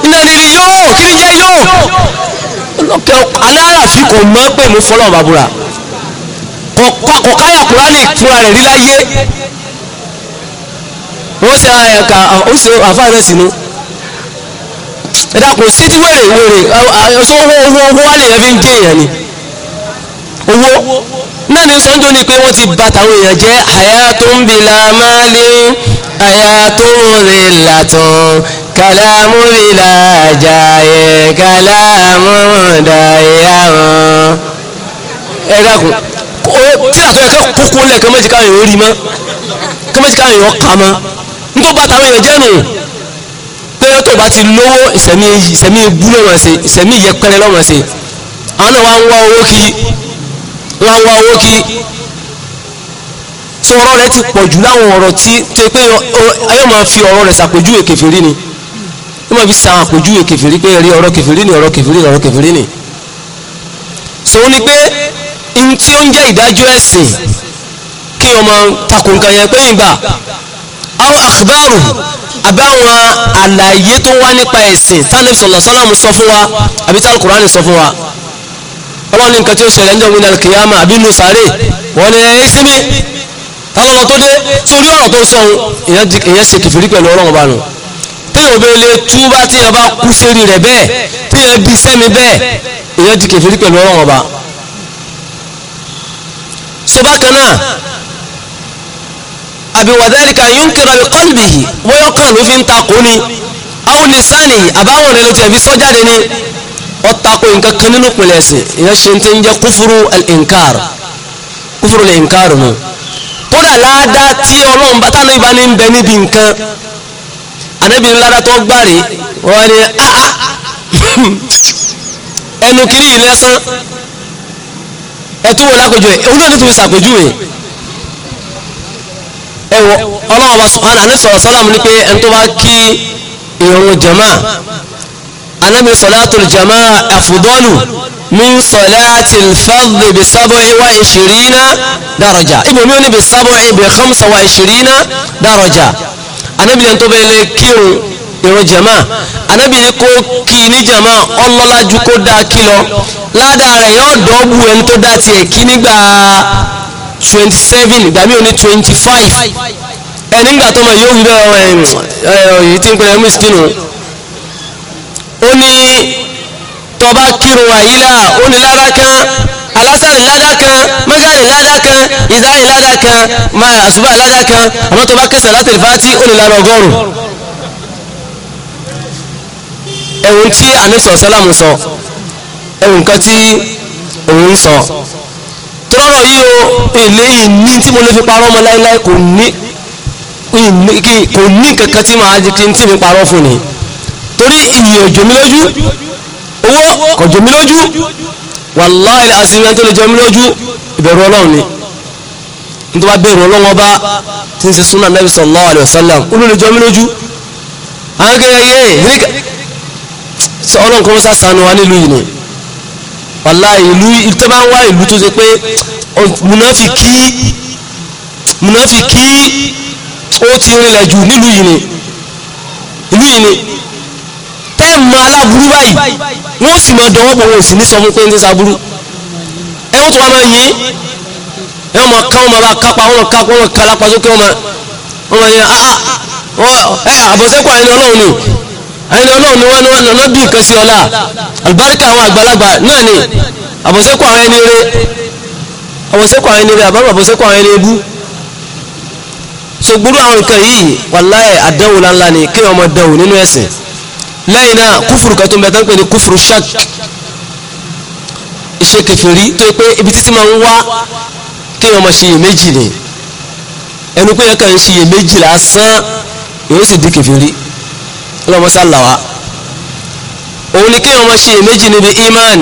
iná rere yóò kí ni jẹ́ yóò lọ́kẹ́ aláràfin kò mọ̀ pé mo fọlọ́ bàbúrà kọ̀káyà kúránì fúnra rẹ̀ rí láyé wọ́n ṣe ẹ̀ka ó ṣe àfáà rẹ̀ sínú ẹ̀dá kò sí tí wèrè wèrè owó owó owó wálé yẹn fi ń jẹ́ èèyàn ni owó náà ní sọ́njọ́ ni pé wọ́n ti bà tàwọn èèyàn jẹ́ hayatun bila malin hayatun rillatun kàlámù bila jàyè kàlámù dàyà wọn. ẹ dákun tíra tó yẹ kẹ́ kókó lẹ̀ kẹ́mẹ́jì káwọn èèyàn rí mọ́ kẹ́mẹ́jì káwọn èèyàn kà mọ́ nítorí bà tàwọn èèyàn jẹ́ nù pé tó bá ti lówó ìsẹ̀mí ìbúlẹ̀ wọn ṣe ìsẹ̀mí ìyẹpẹrẹ lọ́wọ́ ṣe àwọn náà wá ń wá owó kiri wọ́n wá owó kí tí ọ̀rọ̀ rẹ̀ ti pọ̀ jù láwọn ọ̀rọ̀ tí tó pé ayé máa fi ọ̀rọ̀ rẹ̀ ṣàpèjúwe kèfèrí ni ó máa fi ṣàwọn àpèjúwe kèfèrí pé rí ọ̀rọ̀ kèfèrí ni ọ̀rọ̀ kèfèrí ni ọ̀rọ̀ kèfèrí ni so ó ní pé n tí ó ń jẹ́ ìdájọ́ ẹ̀sìn kí ọmọ takò nǹkan yẹn pé ìgbà àwọn àkùbárù àbáwọn àlàyé tó wá nípa ẹ̀sìn tánàbí sallallahu alaihi sọ fún wa àbí tálùkùránì sọ ọlọ́run ní nǹkan tí ó ṣẹlẹ̀ ń jọ̀wé nàlẹ́ kìyàmà àbí inú sàárè wọ́n ní ẹ̀yìn síbi tọ́lọ́lọ́ tó dé sórí ọ̀rọ̀ tó sọ̀hún ìyẹn ṣe kìfìrí pẹ̀lú ọlọ́run ọba nù téèyàn bẹ lè túbá téèyàn bá kú sérí rẹ̀ bẹ́ẹ̀ téèyàn bí sẹ́mi bẹ́ẹ̀ ìyẹn di kìfìrí pẹ̀lú ọlọ́run ọba. so bákan náà àbí wàdálìkà yóò ń kira bí qalbihi bóyá ọkàn ló fi ń ta kó ni àwọn lè sáàlì àbáwọn rẹ̀ ló tiẹ̀ fi sọ́ ni ọ̀tako nǹkan kan nínú ìpìlẹ̀ ẹ̀sìn ìyẹn ṣe ti ń jẹ́ kúfúrú al-inkar kúfúrú al-inkar nù kódà ládàá tí ọlọ́run bá tánú ìbá ní ń bẹ níbi nǹkan ànábì ńlára tó gbàrí wọ́n ní áá ah, ah. ẹnu kiri yìí lẹ́sán ẹtú wo lápèjọ ẹ òun náà ní tún fi sàpèjúwe ẹwọ ọlọ́run wa subhanahu àníṣọ̀rọ̀ sọ́làmù ní pé ẹni tó bá kí ìrun jàmáà anábi sọ̀látò jama àfùdọ́lù min sọ̀látì fadli bí sábọ̀ ìwà ìṣìrínà daraja ibi omi oní bí sábọ̀ ìbí khamsa wa ìṣìrínà daraja anábi lẹ́n tó bẹ̀rẹ̀ kírun ìrun jama anábi ní kó kí ní jama ọlọ́lá ju kó dáa kí lọ ládàá rẹ̀ yóò dọ́gbù ẹni tó dá tiẹ̀ 27 ìgbà mi ò 25 ẹni nígbà tó mọ̀ yóò wí bẹ́ẹ̀ ọ̀rọ̀ ẹ̀yìn tí ń pẹ̀lẹ́ mú ó ní tọba kírun àyílà ó ní lára kan alásàrì ládá kan mọ́gàrì ládá kan ìzáyì ládá kan máa àṣùbà ládá kan àmọ́ tọba kẹsàn láti lè fàtí ó ní lára ọgọ́rùn ẹ̀wùn tí àníṣọ̀ sálámù sọ ẹ̀wùn kan tí òun sọ tọ́rọ̀ yìí o èlé ìní tí mo lè fi parọ́ ọmọ láíláí kò ní kò ní kankan tí màá di tí mi parọ́ fún ni torí iyì òjòmí lójú owó kọjòmí lójú wàláì àsìrìn tó lè jọmí lójú ìbẹ̀rù ọlọ́run ni nítorí wàá bẹ̀rù ọlọ́run ọba tí ń ṣe súnà nàbì sallallahu alaihi wasallam olú lè jọmí lójú àwọn akẹ́kẹ́ yé híríkà ṣe ọlọ́run kan sá sànù wa nílùú yìí ni wàláì ìlú tó bá ń wá ìlú tó ṣe pé mùnáfìkì mùnáfìkì ó ti rinlẹ̀ jù nílùú yìí ni ìlú yìí ni ẹ mọ aláburú báyìí wọ́n sì mọ dọwọ́ bọ̀ wọ́n sì ní sọ fún pé ń tẹ́sà burú ẹ wọ́n tó wá máa yé ẹ wọ́n máa ká wọ́n máa bá kápá wọ́n máa kápá wọ́n máa kálápá sókè wọ́n máa wọ́n máa yẹ ah, ẹ àbọ̀sẹ́kọ̀ àyìn ọlọ́run ni àyìn ọlọ́run ni wọ́n ní wọ́n náà bí nǹkan sí ọlá àlùbáríkà àwọn àgbàlagbà náà ni àbọ̀sẹ́kọ̀ àwọn ẹni rẹ àbọ̀sẹ́kọ̀ àwọn ẹni rẹ àbábọ̀ àbọ̀sẹ́kọ̀ àwọn ẹni ebú ṣògbúrú àwọn nǹkan yìí wàláhì àdánwò láńlá ni kí wọ́n dánwò nínú ẹ̀sìn lẹ́yìn náà kúfùrù kan tó ń bẹ tán pé ní kúfùrù shak iṣẹ́ kẹfìrí tó yẹ pé ibi títí máa ń wá kéèyàn máa ṣe iyèméjì ni ẹnu pé yẹn kàn ń ṣe iyèméjì lásán yóò sì di kẹfìrí ọlọ́mọṣá làwà òun ni kéèyàn máa ṣe iyèméjì níbi iman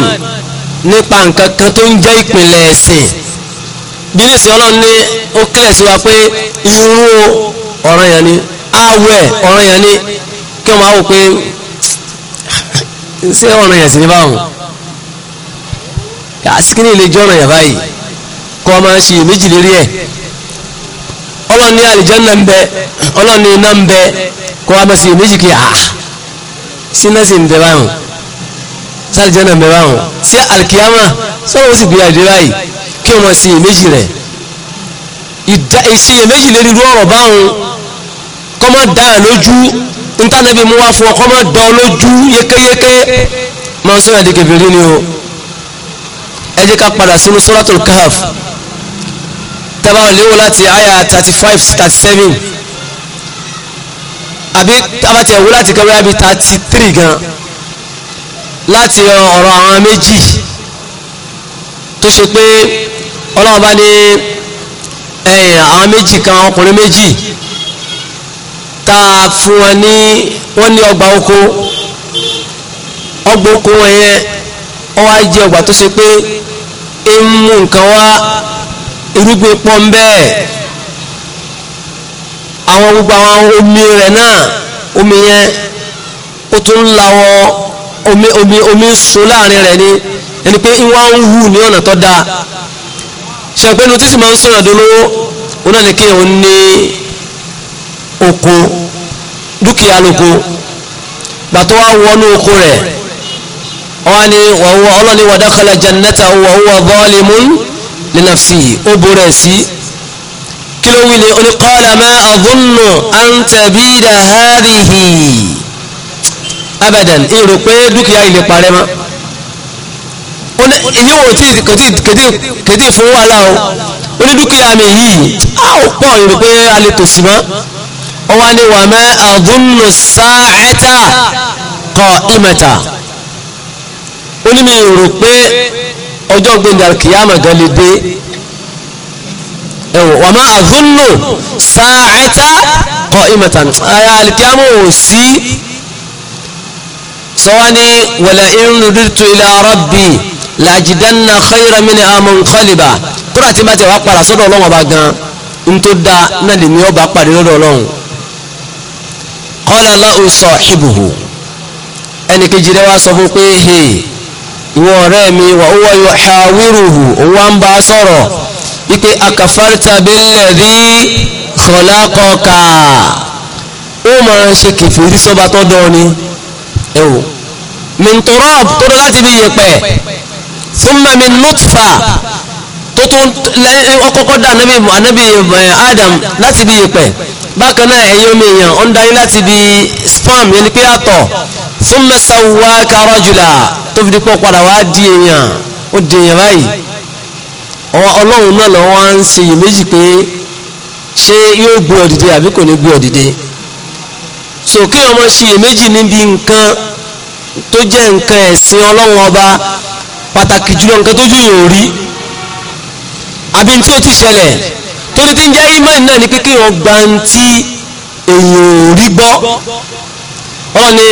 nípa nǹkan kan tó ń jẹ́ ìpìlẹ̀ ẹ̀sìn bí ní ìsìn ọlọ́run ó kílẹ̀ sí wa pé irú ọ̀ranyàn ni àwẹ̀ ọ̀ranyàn ni kí wọ́n máa wò pé ṣé ọ̀ràn yẹn sì ní báwọn àsìkíní ilé jẹ́ ọ̀ràn yẹn báyìí kọ́ máa ń ṣe méjì lérí ẹ̀ ọlọ́ni àlìjànnà ń bẹ ọlọ́ni iná ń bẹ kọ́ máa ṣe méjì kí a síná sì ń bẹ báwọn sí àlìjànnà ń bẹ báwọn sí àlìkíyàmà sọ́wọ́ ó sì gbé àdé báyìí kí wọ́n máa ṣe méjì rẹ̀ ìṣe méjì lérí irú ọ̀rọ̀ báwọn kọ́ máa dáa lójú ntànàbí mú wa fún ọkọ máa dán lójú yékéyéké máa ń kẹfìrí ni o ẹ jẹ́ ká padà sínú suratul kahf tábà léwu láti àyà thirty five thirty seven àbí tábàtì ẹ̀wú láti kẹwàá bíi thirty three gan láti ọ̀rọ̀ àwọn méjì tó ṣe pé ọlọ́run bá ní àwọn méjì kan ọkùnrin méjì tá a fún wọn ní wọ́n ní ọgbà oko ọgbà oko wọn yẹn wọ́n wá jẹ́ ọgbà tó ṣe pé ń mú nǹkan wá irúgbìn pọ̀ ń bẹ́ẹ̀ àwọn gbogbo àwọn omi rẹ̀ náà omi yẹn ó tún ń lawọ́ omi omi omi ń láàrin rẹ̀ ni ẹni pé ń wá ń hù ní ọ̀nà tó dáa ṣe pé inú títí máa ń sọ̀rọ̀ dolówó ó náà ní kí òun ní oko dúkìá lóko gbàtọ́ wá wọnú oko rẹ̀ wọ́n ní wọ́wọ́ ọlọ́ni wa dakhala jannata wọ́wọ́ zalimun li nafsihi ó borẹ̀ sí kí ló wí ni ó ní qala ma adhunnu an tabida hadhihi abadan ìrò pé dúkìá ilé parẹ́ mọ́ ó ní ìyẹn wò tí kèdè fún wàhálà o ó ní dúkìá mi yìí á ò pọ̀ ìrò pé a lè tòṣì mọ́ ọwá ní wà mẹ́ àdúnnù sáàtà kọ ìmẹ̀ta ó ní mi rò pé ọjọ́ gbẹ̀ngà kìyàmà gan lè dé ẹ̀wọ̀n wà mẹ́ àdúnnù sáàtà kọ ìmẹ̀ta ayá alìkìyàmà ò sí sọwá ní wàlẹ̀ irun rírtu ila rabbi làjìdánná khayra mini amọ̀ nkọ́lìbà kúrò àti bá ti wà padà sọ́dọ̀ ọlọ́wọ́n ọba gan n da náà lèmi ọba pàdé lọ́dọ̀ ọlọ́run faqala lahu sahibuhu ẹnì kejì rẹ̀ wá sọ fún pé he ìwọ ọ̀rẹ́ mi wa huwa yuhawiruhu òun wá ń bá a sọ̀rọ̀ wípé akafarta billadhi khalaqaka ó máa ń ṣe kẹfìrí sọ́ba tó dán ni ẹ wò min turab tó dán láti bí yẹ̀pẹ̀ thumma min nutfa tó tún ọkọ̀kọ̀ dá anabi adam láti bí yẹ̀pẹ̀ bákan náà ẹ̀yin omi èèyàn ó ń darí láti bi spam yẹn ni pé àtọ̀ fún mẹ́sà wá karọ́ jùlá tó fi di pọ̀ padà wá di èèyàn ó di èèyàn báyìí ọlọ́run náà lọ́wọ́ ń ṣe iyèméjì pé ṣé yóò gbé ọ dìde àbí kò ní gbé ọ dìde sòkè ọmọ ṣe iyèméjì níbi nǹkan tó jẹ́ nǹkan ẹ̀sìn ọlọ́run ọba pàtàkì jùlọ nǹkan tójú yòó rí àbí tí ó ti ṣẹlẹ̀ torí tí ń jẹ́ imani náà ni pé kí wọ́n gba ń tí èèyàn ò rí gbọ́ ọlọ́run ní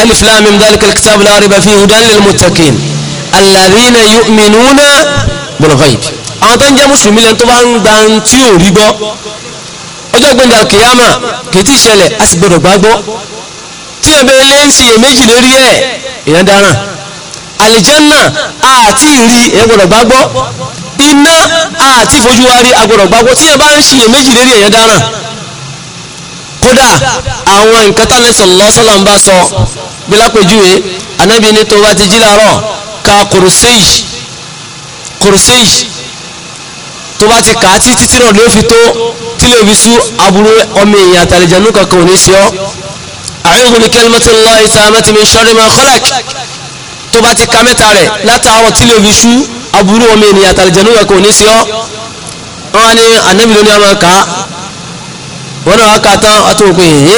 alif lam mim dhalika alkitabu la riba fihi hudan lil muttaqin alladhina yu'minuna bil ghaib àwọn tó ń jẹ́ mùsùlùmí lẹ́nu tó bá ń gba ń tí ò rí gbọ́ ọjọ́ gbẹ̀ndà kìyàmà kìí ìṣẹ̀lẹ̀ a sì gbọdọ̀ gbàgbọ́ tí ẹ̀bẹ̀ ilé ń sì èméjì lórí ẹ̀ èèyàn dáràn àlìjánà àti ìrí ẹ̀ gbọdọ̀ gbàgbọ́ ná àti fojú wa rí agbọ̀dọ̀ gbàgbọ́ tí ẹ bá ń ṣiyè méjì lérí ẹ̀yẹ dáràn kódà àwọn nǹkan tánà sallallahu sallam ń bá sọ bí lápèjúwe anábì ní tó bá ti jí làárọ̀ ka kùrùsíyì kùrùsíyì tó bá ti kà á tí títí náà ló fi tó tí lè fi sú aburú ọmọ èèyàn àtàlẹ̀jẹ̀nú kankan ò ní sí ọ́ a'udhu bi kalimatillahi tammati min sharri ma khalaq tó bá ti ka mẹ́ta rẹ̀ látàárọ̀ tí lè fi sú aburú ọmọ ènìyàn àtàlìjẹ̀nú rẹ̀ kò ní sí ọ́ wọ́n wá ní ànábì lóní ọmọ ká wọ́n náà wá ká tán àtòkò èyí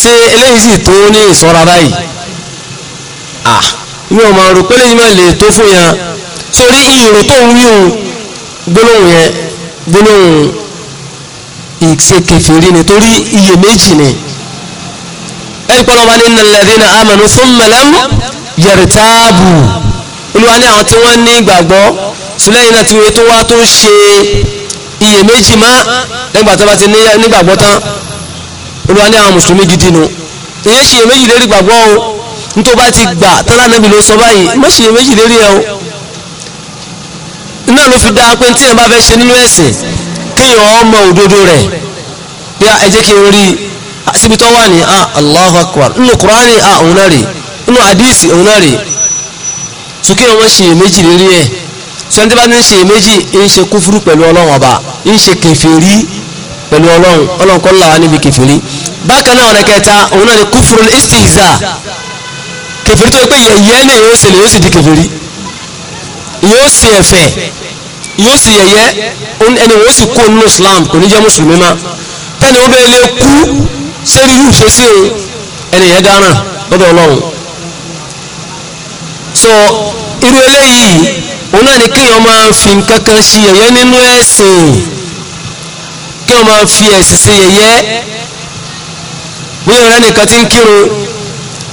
ṣe eléyìí sì tó ní ìsọ́ra báyìí ah mi ò máa rò pé lẹ́yìn máa lè tó fún yẹn sórí ìrò tó ń wíhun gbólóhùn yẹn gbólóhùn ìṣekèfèrí ni torí iyèméjì ni ẹ̀rí pọ́nlọ́ba ní innal ladhina amanu thumma lam yartabu olúwa ní àwọn tí wọ́n ní ìgbàgbọ́ sùlẹ́yìn náà tí wọ́n tó wá tó ń ṣe iyèméjì má lẹ́gbàá tó bá ti nígbàgbọ́ tán olúwa ní àwọn mùsùlùmí gidi nu ìyẹn ṣiyèméjì lérí gbàgbọ́ o nítorí bá ti gbà tọ́lá níbi ló sọ báyìí má ṣiyèméjì lérí ẹ o náà ló fi dáa pé tí ẹ bá fẹ́ ṣe nínú ẹ̀sìn kéèyàn ọmọ òdodo rẹ̀ bí ẹ jẹ́ kí n rí síbi tó wà ní ah Allah Akbar nínú Kùránì ah òun náà rè nínú hadisi òun náà rè so kí wọ́n ṣe èméjì lérí ẹ̀ sẹ́ńtẹ́ bá ní ṣe èméjì ń ṣe kúfúrú pẹ̀lú ọlọ́run ọba ń ṣe kèfèrí pẹ̀lú ọlọ́run ọlọ́run kọ́ làwọn níbi kèfèrí bákan náà ọ̀nà kẹta òun náà ni kúfúrú istihza kèfèrí tó yẹ pé yẹ̀yẹ́ ni yóò ṣe lè yóò sì di kèfèrí yóò sì ẹ̀fẹ̀ yóò sì yẹ̀yẹ́ ẹni wọ́n sì kó nínú Islam kò ní jẹ́ mùsùlùmí má tẹ́ni wọ́n bẹ́ẹ̀ lè kú sẹ́rí irú ṣe sí so irú eléyìí òun náà ni kéèyàn máa fi nǹkan kan ṣe yẹ̀yẹ́ nínú ẹ̀sìn kéèyàn máa fi ẹ̀sìn ṣe yẹ̀yẹ́ bóyá ọ̀rẹ́ nìkan ti ń kírun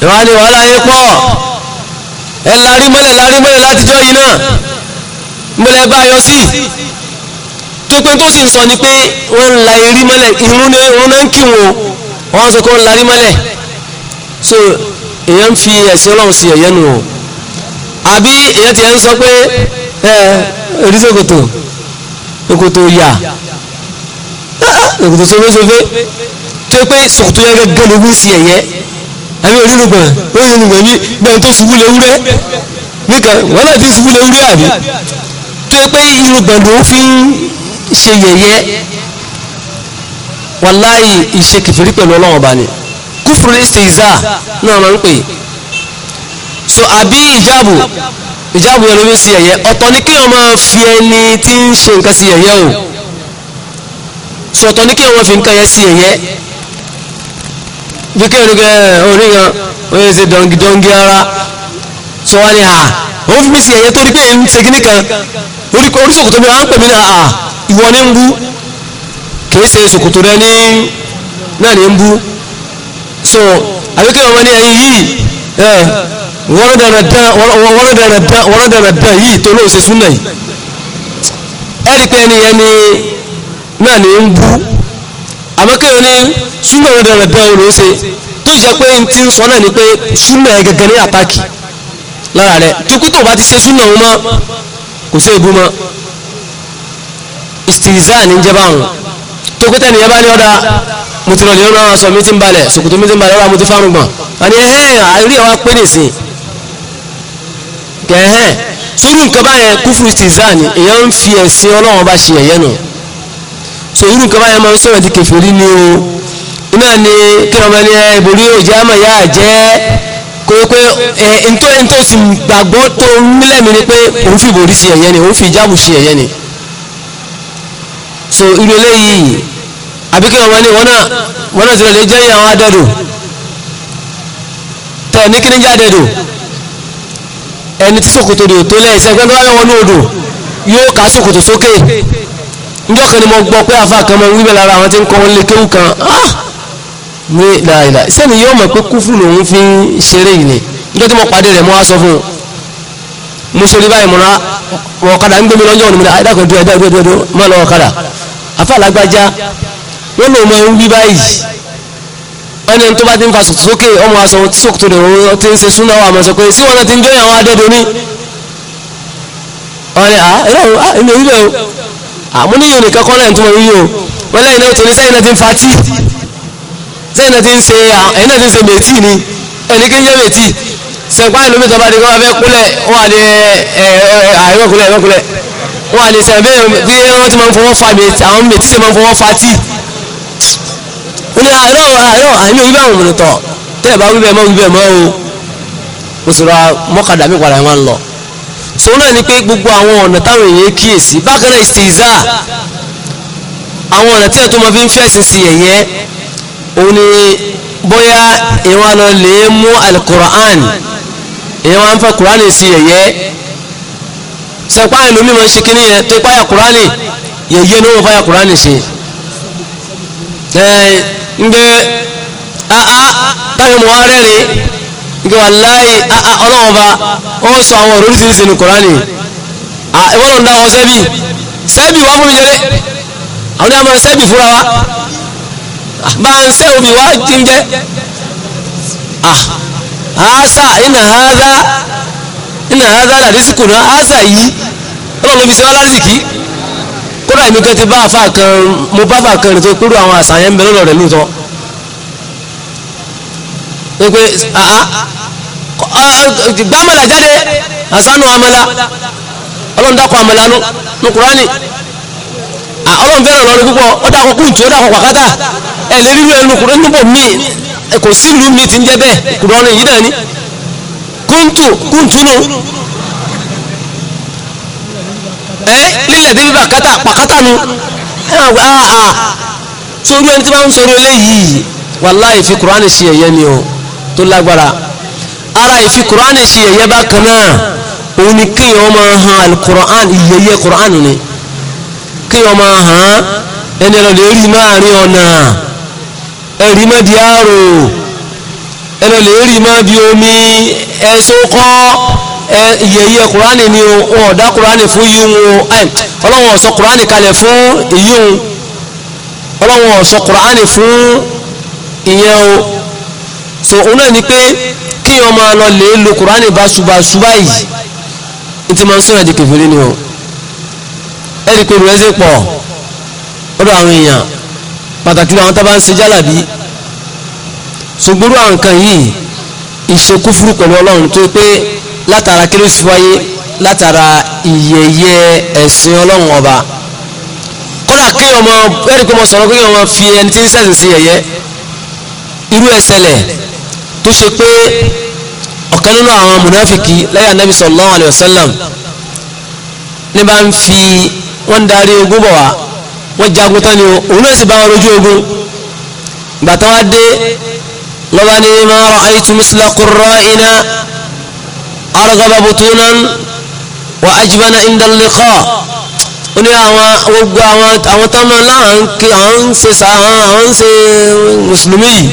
ìwà ni wàhálà yín pọ̀ ẹ larí mọ́lẹ̀ larí mọ́lẹ̀ látijọ́ yìí náà mọ́lẹ̀ bá yọ sí tó tó sì ń sọ ni pé wọ́n ń la erí mọ́lẹ̀ irun ni wọ́n náà ń kí wọn wọ́n sọ pé wọ́n ń larí mọ́lẹ̀ so èèyàn ń fi ẹ̀sìn ọlọ́run sí ẹ̀yẹ́ nù ọ́ àbí èyàn ti ẹ̀ ń sọ pé oníṣòkòtò òkòtò yà ah, ah, òkòtò sofésofe tó pé sòkòtò yẹn gẹ́gẹ́ ló wí sí ẹ̀yẹ àbí onírùgbọ̀n onírùgbọ̀n ní gbọ̀n tó ṣubú lewúrẹ́ nìkan wọn náà ti ṣubú lewúrẹ́ àbí tó pé irùgbọ̀n ló fi ń ṣe yẹ̀yẹ́ wàláyì ìṣe kìfìrí pẹ̀lú ọlọ́wọ̀n bá ní kúfùrú ní ṣe ìzá náà lọ́n pè é so àbí ìjáàbù ìjáàbù yẹn ló fi sí ẹ̀yẹ ọ̀tọ̀ ni kí wọ́n máa fi ẹni tí ń ṣe nǹkan sí ẹ̀yẹ o so ọ̀tọ̀ ni kí wọ́n fi nǹkan yẹn sí ẹ̀yẹ bí kí ẹnìkan oníyan oye ṣe dọ̀ngidọ̀ngi ara so wá ní à òun fi mi sí ẹ̀yẹ torí pé ń ṣe kíní kan oríṣòkòtò mi à ń pè mí náà à ìwọ ni ń bú kì ṣe ṣòkòtò rẹ ní náà ni ń bú so àbí kí wọ́n máa ní ẹyin yìí wọ́rọ̀dẹ̀rẹ̀dẹ̀ yìí tó lóòsè súnà yìí ẹ́rìkẹ́ ni ẹni náà ní ń bú àmọ́kẹ́rẹ́ ní súnà wọ́rọ̀dẹ̀rẹ̀dẹ̀ olóòsè tó jẹ́ pé n ti ń sọ náà ni pé súnà gẹ́gẹ́ ní àtàkì lára rẹ̀ tukú tó bá ti ṣe súnà wọn mọ́ kò sí èbú mọ́ ìstìrìzá ní jẹ́ báwọn tó kú tẹ́ni yẹn bá ní ọ̀dà mo ti kẹ́hẹ́n sórí nǹkan báyẹn kúfùrù ti zá ni èèyàn ń fi ẹ̀sìn ọlọ́run bá ṣe ẹ̀yẹ́ nù so irú nǹkan báyẹn máa ń sọ̀rọ̀ di kẹfìrí ni o iná ni kí ọmọ ẹni ìbòrí òjì àmọ̀ ìyá àjẹ́ kó o pé ẹ̀ ntọ́ ntọ́ sì gbàgbọ́ tó mílẹ̀mí ni pé òun fi ìbòrí ṣe ẹ̀yẹ́ ni òun fi ìjáàbù ṣe ẹ̀yẹ́ ni so irú eléyìí àbí kí ọmọ ẹni wọn náà wọn náà ti lọ lè jẹ́yìn àwọn adẹ́dù tẹ̀ ní kíní jáde dùn ẹni tí sòkòtò rẹ̀ tó lẹ́yìn sẹ́gbẹ́ tó bá fẹ́ wọnú odò yóò ká sòkòtò sókè njọ́ kan ni mo gbọ́ pé àfa kan mọ wíbẹ̀ lára àwọn tí ń kọ́ lé kéwù kan ah ní ìlàìlà sẹ́ni yóò mọ̀ pé kúfù lòun fi ń ṣeré yìí ni njọ́ tí mo pàdé rẹ̀ mo wá sọ fún un mo ṣe rí báyìí mo ra ọ̀kadà ń gbé mi lọ́jọ́ òní mi náà ah, ẹ̀dá kan dúró ẹ̀dá dúró dúró má lọ ọ̀kadà àfa làgbájá wọ́n lò mọ ń wí báyìí wọ́n ní ẹni tó bá ti ń fa sòkè ọmọ aṣọ tí sòkòtò rẹ̀ wọ́n ti ń ṣe súnà wà mọ̀sọ̀ pé sí wọn ti ń jó ìyàwó ní. wọ́n ní ẹ̀rọ ah èmi ò rí o àmú níyàn nìkan kọ́ tó mọ̀ yíyó wọ́n lẹ́yìn náà tó ní sẹ́yìn náà ti ń fa tíì sẹ́yìn náà ti ń ṣe ẹ̀yìn náà ti ń ṣe mẹ́tì ni ẹni kí ń jẹ́ mẹ́tì sẹ̀pá ẹ̀ ẹ̀ àìmọ̀kúlẹ̀ ẹ̀mọ̀kúlẹ̀ ti ó ní àìrọ̀ àìrọ̀ àìmí òyìnbó àwọn ọmọ tọ̀ tẹ́lẹ̀ bá wíbẹ̀ mọ́ wíbẹ̀ mọ́ o mo sì ra mọ́kadà mi padà wọn lọ sòwò náà ni pé gbogbo àwọn ọ̀nà táwọn èèyàn kíyèsí bákan náà ìsìtìzá àwọn ọ̀nà tí ẹ̀ tó mọ fi ń fẹ́sìn sí yẹ̀yẹ́ òun ni bóyá ìwọ̀n lọ lè mú alukur'an èèyàn wá ń fẹ́ kur'an sí yẹ̀yẹ́ sẹ́pá ìlú mímọ́ ń ṣe kí nìyẹn tó ipáyà kur'an yẹ̀yẹ́ ni wọ́n fáyà kur'an ṣe ǹjẹ́ aa táwọn mọ̀ wá rẹ́rìn ǹjẹ́ wàláhì aa ọlọ́wọ́n ba ó sọ àwọn ọ̀rọ̀ oríṣiríṣi ní kùránì ìwọ́n lọ́nà àwọn sẹ́bì sẹ́bì wá fún mi jẹrẹ àwọn ọmọ sẹ́bì fúnra wa ah, bá ń sẹ́ obì wá ti ń jẹ́ àásà iná àádá iná àádá làdísìkò náà àásà yìí ọlọ́run fi ṣe wá lárìsìkì kódà èmi kẹ́ ti bá àfa kan mo bá àfa kan rìn tó kúrò àwọn àṣàyàn bẹ lọ́dọ̀ rẹ̀ lóòótọ́ pé gbàmọ̀là jáde àmàlà àmàlà púpọ̀ ó ó pàkátà ẹ̀ mi ti ń jẹ́ bẹ́ẹ̀ yìí náà ni ẹ́ lílẹ̀ débi bàkátà pàkátà nu sórí ẹni tí wọ́n ń sọ orí eléyìí wàláì fi kùránì sí ẹ̀yẹ ni o tó lágbára ara ìfi kùránì sí ẹ̀yẹ bákan náà òun ni kéèyàn máa han alukùránì ìyẹyẹ kùránì ni kéèyàn máa han ẹni ẹlọ́dẹ̀ rí máa rí ọ̀nà ẹ̀rí máa di àárò ẹlọ́dẹ̀ rí máa bí omi ẹ̀sùn ìyẹ̀yẹ kùránì ni o wọn ọ̀dá kùránì fún yíwun o ọlọ́wọ́n ọ̀sọ kùránì kalẹ̀ fún ìyíwun ọlọ́wọ́n ọ̀sọ kùránì fún ìyẹn o so òun náà ni pé kí ọmọ lọ lè lo kùránì báṣubàṣu báyìí ní ti máa ń sọ̀rọ̀ di kèfèrè ni o ẹ̀rí pé rẹ̀ ṣe pọ̀ ọ̀dọ̀ àwọn èèyàn pàtàkì àwọn tó bá ń ṣe jálàbí ṣùgbọ́n àwọn nǹkan yìí ìṣekúfúrú látara kí ló fi wáyé látara ìyẹyẹ ẹ̀sìn ọlọ́run ọba kódà kí ọmọ ẹ̀rí kó mọ sọ̀rọ̀ kí ọmọ fi ẹni tí ń sẹ̀sìn sí yẹyẹ irú ẹsẹ̀lẹ̀ tó ṣe pé ọ̀kan nínú àwọn mùnáfìkì lẹ́yìn anábì sallallahu alayhi wa sallam ní bá ń fi wọ́n darí ogun bọ̀ wá wọ́n jagun tán ni o òun náà sì bá wọn lójú ogun gbàtà wá dé lọ́ba ní ma ra'aytu misla qurra'ina aragaba butunan wa عند indalekọ ó ní àwọn gbogbo àwọn àwọn tó máa láwọn kí àwọn ń ṣe sàwọn àwọn ń ṣe mùsùlùmí yìí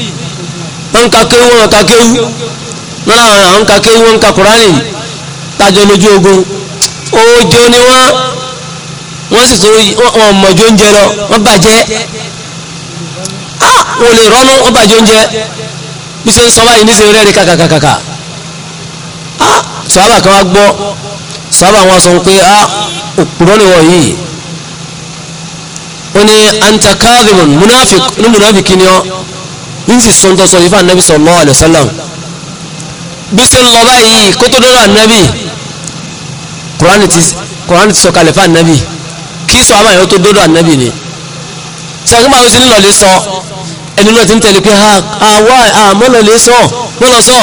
wọn ka kéwú wọn ka kéwú wọn làwọn àwọn ka kéwú wọn ka kurani tajọ lójú ogun ojo ni wọn wọn sì tún wọn mọjọ oúnjẹ lọ wọn bàjẹ́ ah wọn lè rọnú wọn bàjẹ́ oúnjẹ bí ṣe ń sọ báyìí ní ṣe rẹ́ẹ̀rí kàkàkàkà sàhábà kan wá gbọ́ sàhábà wọn sọ pé a ah, òpùrọ́ ni wọ́n yìí ó ní anta kadhibun munafik ní munafiki ni ọ́ ń sì sọ tó sọ yìí fún anabi sallallahu alaihi wasallam bí ṣe ń lọ báyìí kó tó dọ́dọ̀ ti sọ kalẹ̀ fún anabi kí sọ àbáyé ó tó dọ́dọ̀ anabi ni sọ̀rọ̀ máa ń sin lọ́lẹ́ sọ ẹni náà ti ń tẹ̀lé pé àwa ah, ah, àmọ́ lọ́lẹ́ sọ wọ́n lọ sọ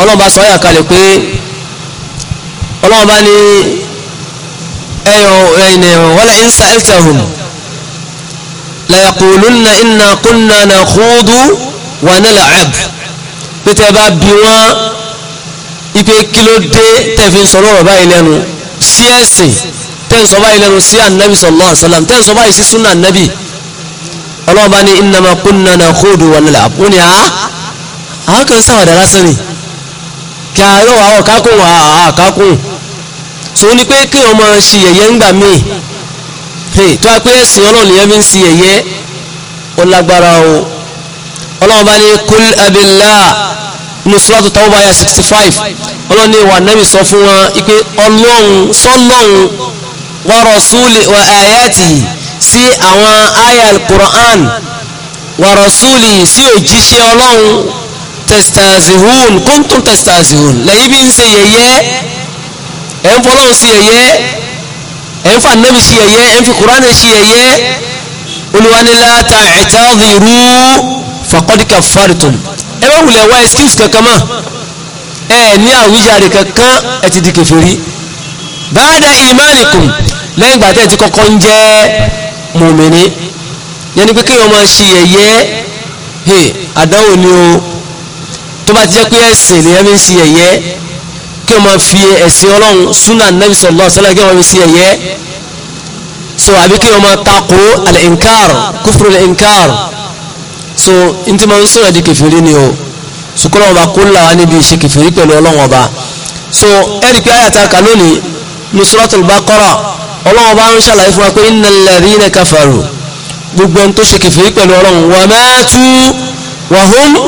ọlọ́run bá sọ ayà kalẹ̀ pé ọlọ́run bá ní wala in sa'altahum la yaqulunna inna kunna nakhudu wa nal'ab pété bá bí wọ́n ipe kílódé tẹ̀fín sọ̀rọ̀ ọ̀rọ̀ báyìí lẹ́nu sí ẹ̀sìn tẹ́ǹsọ báyìí lẹ́nu sí ànábì sallallahu alaihi wasallam tẹ́ǹsọ báyìí sí súnà ànábì ọlọ́run bá ní innama kunna nakhudu wa nal'ab ó ní kí àárọ̀ àwọn kákùn àkákùn so ni pé kí ọmọ ṣe yẹ̀yẹ́ ń gbà míì tó a pé ẹ̀sìn ọlọ́run yẹn fi ń ṣe yẹ̀yẹ́ ó lágbára o ọlọ́run bá ní kul abillah nusratu tawba ya sixty five ọlọ́run ní ìwà nẹ́bí sọ fún wọn pé ọlọ́run sọlọ́run wa rasuli wa ayatihi sí àwọn aya al-Qur'an wa rasuli sí òjíṣẹ́ ọlọ́run testazihun kuntum testazihun lẹ́yìn bí ń se yẹ̀yẹ́ ẹ̀ ń fọlọ́run sí yẹ̀yẹ́ ẹ̀ ń fa nẹ́bi sí yẹ̀yẹ́ ẹ̀ ń fi kuraani sí yẹ̀yẹ́ olùwanilá ta ìtàdìrú fàkọ́díkà fàrìtùm ẹ bá wulẹ̀ wá excuse kankan mọ́ ẹ ní àwíjàre kankan ẹ ti di kèfèrí báadà ìmánìkùn lẹ́yìn ìgbà tẹ́ ti kọ́kọ́ ń jẹ́ mùmìnì yẹn ni pé kéèyàn máa ṣe yẹ̀yẹ́ àdánwò ni o tó bá ti jẹ́ pé ẹ̀sìn ni ẹ fi ń ṣe ẹ̀yẹ kí wọ́n máa fi ẹ̀sìn ọlọ́run súnà nẹ́bí sọ̀lọ́ sọ́lá kí wọ́n fi ṣe ẹ̀yẹ so àbí kí wọ́n máa takò al-inkar kufru so n ti máa ń sọ̀rọ̀ di kẹfìrí ni o sukúrò ọba kó là wá níbi ìṣe kẹfìrí pẹ̀lú ọlọ́run ọba so ẹ̀rí pé àyàtà kanóni ní suratul Baqara ọlọ́run ọba ń ṣàlàyé fún wa pé innal ladhina kafaru gbogbo ẹni tó ṣe kẹfìrí pẹ̀lú ọlọ́run wa matu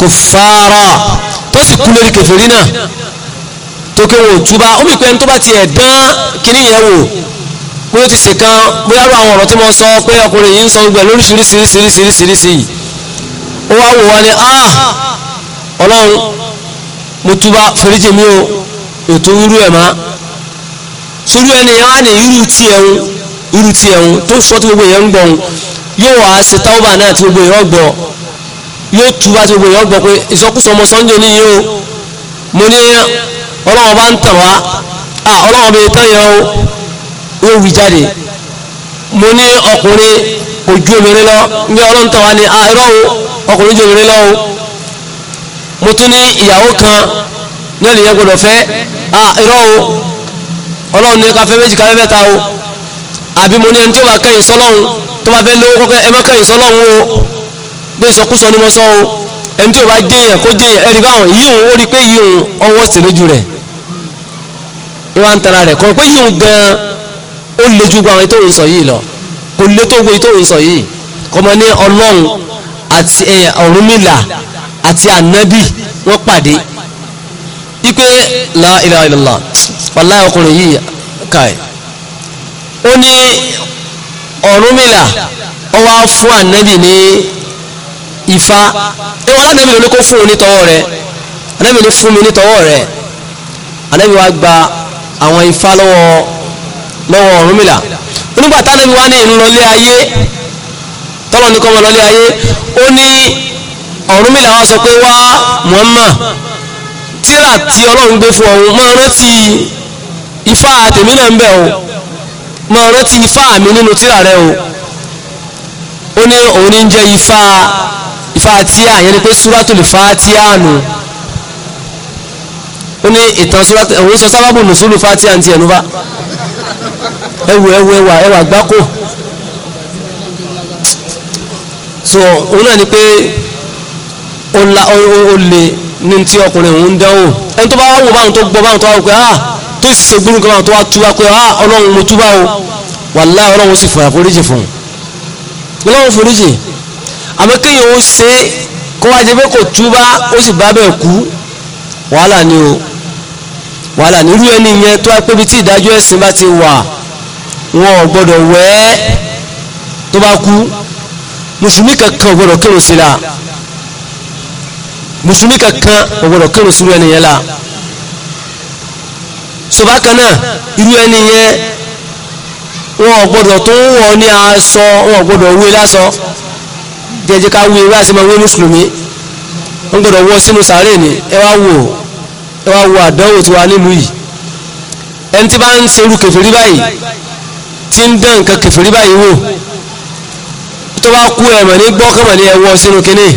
kufara tó sì kú lórí kèfèrí náà tó ké wọn túbá ó mì pé ẹni tó bá ti ẹ̀dán kíní yẹn wò pé ó ti ṣe kan bóyá ro àwọn ọ̀rọ̀ tí mo sọ pé ọkùnrin yìí ń sọ gbẹ lóríṣiríṣiríṣiríṣiríṣi yìí ó wá wò wá ní ah ọlọ́run mo túbá foríjì mi o ètò irú ẹ̀ má sórí ẹni yẹn wá ní irú tí ẹ̀hún irú tí ẹ̀hún tó sọ tí gbogbo yẹn ń gbọ̀hún yóò wá ṣe táwọn bá náà tí gbogbo yẹn ń gbọ̀hún yóò túbá tí gbogbo èèyàn gbọ́ pé ìsọkúsọ ọmọ Sunday ní yìí o mo ní ọlọ́wọ́ bá ń tàn wá à ọlọ́wọ́ bẹ tán yẹn o yóò wí jáde mo ní ọkùnrin kò ju obìnrin lọ ní ọlọ́run tàn wá ní à irọ́ o ọkùnrin ju obìnrin lọ o mo tún ní ìyàwó kan náà nìyẹn gbọdọ̀ fẹ́ à irọ́ o ọlọ́run ní ká méjì ká mẹ́ta o àbí mo ní ẹni tí ó kẹ́yìn sọ́lọ́run tó bá fẹ́ lówó kọ́kẹ́ ẹ bí ìsọkúsọ ni mo sọ o ẹni tí o bá jẹyàn kó jẹyàn ẹni báwọn yíyún ó rí pé yíyún ọwọ́ sí lójú rẹ̀ ìwà ń tara rẹ̀ kọ́ pé yíyún gan-an ó le ju gbogbo àwọn ètò òun sọ yìí lọ kò le tó gbogbo ètò òun sọ yìí kọ́mọ ní ọlọ́run àti ọ̀rúnmìlà àti ànábì wọ́n pàdé ipe la ilaha illallah wàláyé ọkùnrin yìí káì ó ní ọ̀rúnmìlà ó wá ànábì ní ifá ewu alábẹ́bí ló ní kó fún un ní tọwọ́ rẹ̀ anábì ní fún mi ní tọwọ́ rẹ̀ anábì wa gba àwọn ifá lọ́wọ́ lọ́wọ́ Ọ̀rúnmìlà onígbà tánábì wa ní ìlú lọlé ayé tọ́lọ̀ ní kọ́mọ lọlé ayé ó ní Ọ̀rúnmìlà wa sọ pé wá Muhammad tíra tí Ọlọ́run gbé fún ọ̀hún máa rántí ifá tèmi náà ń bẹ̀ o máa rántí ifá mi nínú tíra rẹ o ó ní òun ní ń jẹ́ ifá fatiha yẹn ni pé suratul fatiha nù ó ní ìtàn suratul òun sọ sábàbù nùsùlù fatiha ti ẹnu bá ẹwù ẹwù ẹwà ẹwà gbáko so òun náà ni pé ó la ó le ní ti ọkùnrin òun dánwò ẹni tó bá wò báwọn tó gbọ́ báwọn tó wà wò pé ah tó sì ṣe gbúrú kan báwọn tó wà túbá pé ah ọlọ́run mo túbá o wàláhì ọlọ́run sì fòyà foríjì fún un ọlọ́run foríjì àmọ́ kéèyàn ó ṣe é kó wá jẹ́ pé kò túbá ó sì bá bẹ́ẹ̀ kú wàhálà ni o wàhálà ni irú ẹni yẹn tó wá pé bí tí ìdájọ́ ẹ̀sìn bá ti wà wọn ò gbọ́dọ̀ wẹ́ tó bá kú mùsùlùmí kankan ò gbọ́dọ̀ kírun sí la mùsùlùmí kankan ò gbọ́dọ̀ kírun sí irú ẹni yẹn la soba kan náà irú ẹni yẹn wọn ò gbọ́dọ̀ tó ń wọ ní aṣọ wọn ò gbọ́dọ̀ wé lásọ jẹ́jẹ́ ká wí ewé àti máa wí mùsùlùmí ń gbọ́dọ̀ wọ́ sínú sàárè ni ẹ wá wò ẹ wá wo àdánwò tí wà nílùú yìí ẹni tí bá ń serú kẹfìrí báyìí tí ń dán nǹkan kẹfìrí báyìí wò tó bá kú ẹ̀mọ̀ ní gbọ́ ní ẹwọ́ sínú kínní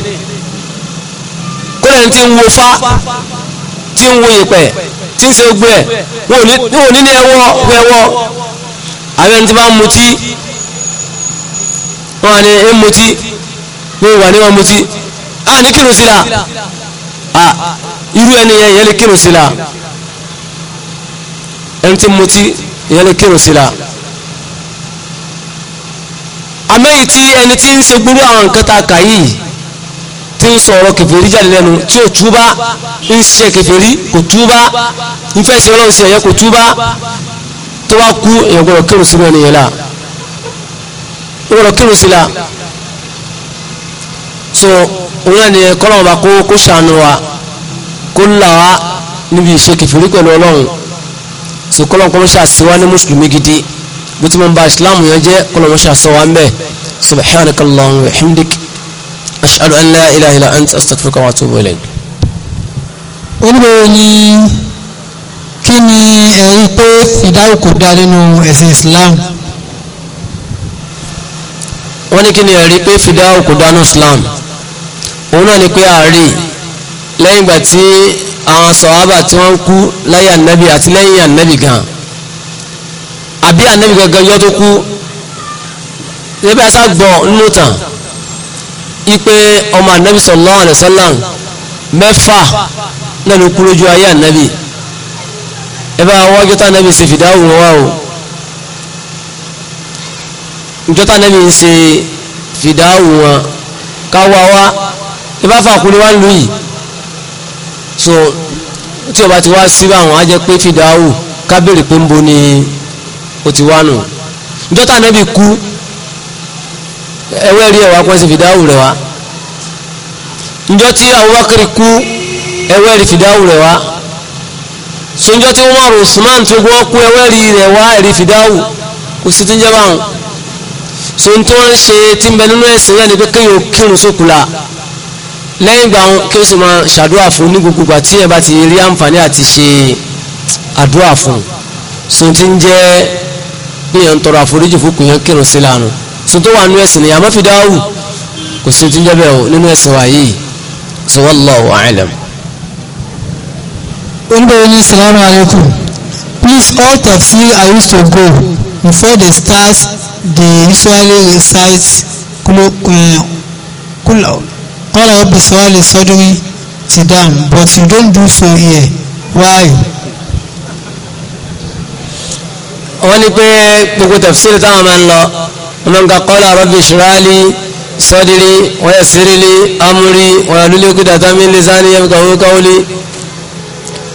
kódà tí ń wo fá tí ń wo ìpẹ́ tí ń ṣe gbé ẹ̀ wọn ní ní ẹwọ́ ẹwọ́ àwọn ẹni tí bá ń mutí wọn à ní ń mutí pé wà ní wọn mutí a ní kírun sí la a irú ẹni yẹn yẹn lè kírun sí la ẹni tí mutí yẹn lè kírun sí la àmẹ́yìí tí ẹni tí ń ṣe gbúrú àwọn nǹkan tá a kà yìí tí ń sọ̀rọ̀ kẹfẹ́rí jáde lẹ́nu tí ò túbá ń ṣe kẹfẹ́rí kò túbá ń fẹ́ ṣe ọlọ́run ṣe ẹ̀yẹ kò túbá tó bá kú èèyàn gbọ́dọ̀ kírun sí wọn nìyẹn la gbọ́dọ̀ kírun sí la so òun náà ni kọ́lọ́wọ́n bá kó kó ṣàánú wa kó là wá níbi ìṣe kẹfìrí pẹ̀lú ọlọ́run so kọ́lọ́wọ́n kọ́lọ́wọ́n ṣàṣewá ní mùsùlùmí gidi bó ti mọ̀ ń ba ìsìláàmù yẹn jẹ́ kọ́lọ́wọ́n ṣàṣewá ń bẹ̀ subhanakallahumma wa bihamdik ashhadu an la ilaha illa anta astaghfiruka wa atubu ilayk. olùbẹ̀wò ni kí ni ẹ̀rí pé fìdáwò kò dá nínú ẹ̀sìn islam wọ́n ní kí ni ẹ̀rí pé fìdáwò kò dá nínú islam òun náà ni pé àárín lẹ́yìn ìgbà tí àwọn sọ̀hábà tí wọ́n ń kú láyé ànábì àti lẹ́yìn ànábì gan àbí ànábì gangan yọ́ tó kú ebi asa gbọ́ nínú tàn ipe ọmọ ànábì sallallahu alaihi wasallam mẹ́fà náà ló kú lójú ayé ànábì ẹ bá wájú tá ànábì ṣe fìdáwò wọn wá o ìjọ tá ànábì ń ṣe fìdáwò wọn ká wá wá ìbá fàkúrẹ́ wá ń lu yìí so tí o bá ti wá sí báwọn á jẹ́ pé fìdáwù ká béèrè pé ń bo ni o ti wá nù njọ́tà náà bí kú ẹwẹ́ rí ẹ̀wà pẹ́sì fìdáwù rẹ̀ wá njọ́ tí Abubakar kú ẹwẹ́ rí fìdáwù rẹ̀ wá so njọ́ tí Usman tó gbọ́ kú ẹwẹ́ rí rẹ̀ wá ẹ̀rí fìdáwù kò sí ti ń jẹ́ báwọn so n tó ṣe tí ń bẹ nínú ẹ̀sìn rẹ̀ ni pé kéèyàn kírun sókùlà. So, lẹ́yìn ìgbà kí ó sì máa ṣàdúrà fún ní gbogbo ìgbà tí ẹ bá ti rí àǹfààní àti ṣe àdúrà fún so ń jẹ́ bí tọrọ àforíjì fún kùnyàn kírun sí lànà so wà nínú ẹ̀sìn ni àmọ́ fi dáhùn kò sí ń jẹ́ bẹ́ẹ̀ o nínú ẹ̀sìn wa yìí so wallahu a'lam. oníbẹ̀rẹ̀ ní salamu alaykum please all tafsir I used to go before they start the usually recite kúlọ̀ kúlọ̀. Qala Rabbi sawal li sadri sidam, but you don't do so here. Why? wọ́n ní pé gbogbo tafsiri táwọn máa ń lọ wọ́n ka qala Rabbi shrah li sadri wa yassir li amri wa hlul uqdatan min lisani yafqahu qawli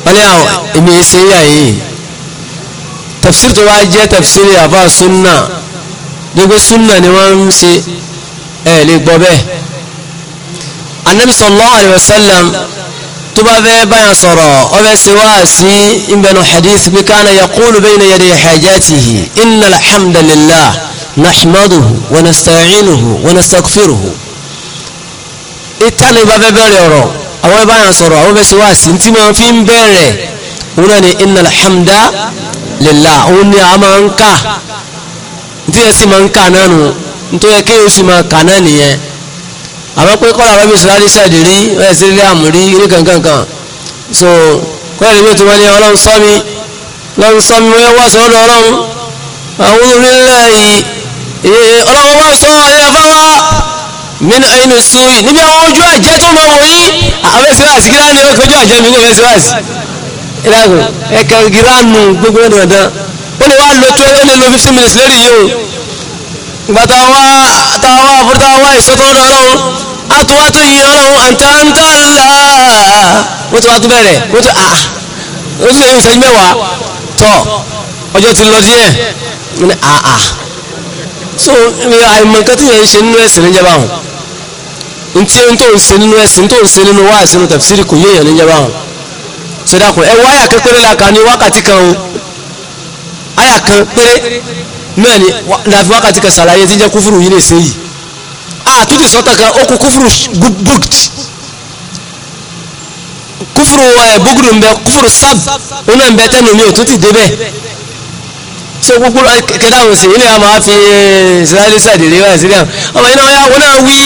wọ́n ní àwọn èmi ṣe yà yìí tafsiri tó bá jẹ́ tafsiri àbá sunna gbogbo sunna ni wọ́n ń ṣe ẹ̀ lè gbọ́ bẹ́ẹ̀ anabi sallallahu alayhi wa sallam tó bá fẹ́ báyà sọ̀rọ̀ ọ bẹ́ ṣe wá sí ìbẹ̀nu hadith bí kánà yaqulu bayna yaday hajatihi innal hamdalillah nahmaduhu wa nasta'inuhu wa nastaghfiruhu ìtànà ìbá fẹ́ bẹ̀rẹ̀ ọ̀rọ̀ àwọn ìbáyà sọ̀rọ̀ àwọn fẹ́ ṣe wá sí tí wọ́n fi ń bẹ̀rẹ̀ òun náà ni innal hamda lillah ni a máa ń kà nítorí ẹ sì máa ń kà náà nù nítorí ẹ kéèyàn sì máa kà àmọ́ pé kọ́lá rọ́bì sùláàdì sẹ́ẹ̀dì rí ẹ̀ sí rí àmì rí rí so kọ́lá ìlú tó wọ́n ní ọlọ́run sọ ọlọ́run sọ mi wọ́n wá sọ ọ́dọ̀ ọlọ́run àwọn orílẹ̀ yìí ọlọ́run wá sọ ayé afáwá mínú ẹyin sùn yìí níbi àwọn ojú àjẹ́ tó mọ̀ wọ̀nyí àwọn ẹ̀sìn láti kíláà ní ojú àjẹ́ mi kò fẹ́ sí láti ìlàgùn gbogbo ẹ̀ dandan ó ní wàá lo twenty ó lo fifteen minutes lórí yìí o ìgbà táwa táwa àbúrò táwa ọlọ́run a tó wá tó yí ọlọ́run àǹtàǹtà ńlá wọ́n tó wá tó bẹ̀rẹ̀ wọ́n tó ah wọ́n tó lè yí ìṣẹ́jú mẹ́wàá tọ́ ọjọ́ ti lọ díẹ̀ wọ́n ní ah ah so àìmọ̀ nǹkan tí yẹn ń ṣe nínú ẹ̀sìn níjẹba hàn ntí n tó ń ṣe nínú ẹ̀sìn tó ń ṣe nínú wáyà sínú tafsiri kò yéèyàn níjẹba hàn sọdọ́kùn ẹ wáyà kan péré la kà ní wákàtí kan o àyà kan péré náà ni láfi wákàtí kan ṣàlàyé tí ń jẹ́ kúfúrú yìí lè ṣe yìí àtúntì ah, sọ́tàkà ó kú kúfùrù bugd kúfùrù eh, bugdù ń bẹ kúfùrù sáb òun náà ń bẹ tẹ́nu mi ò tún ti débẹ̀ so gbogbo eh, kẹta àwọn sèyí ni a máa fi eh, israeli sàdé léwà sílẹ̀ ọmọ iná ya wọn náà wí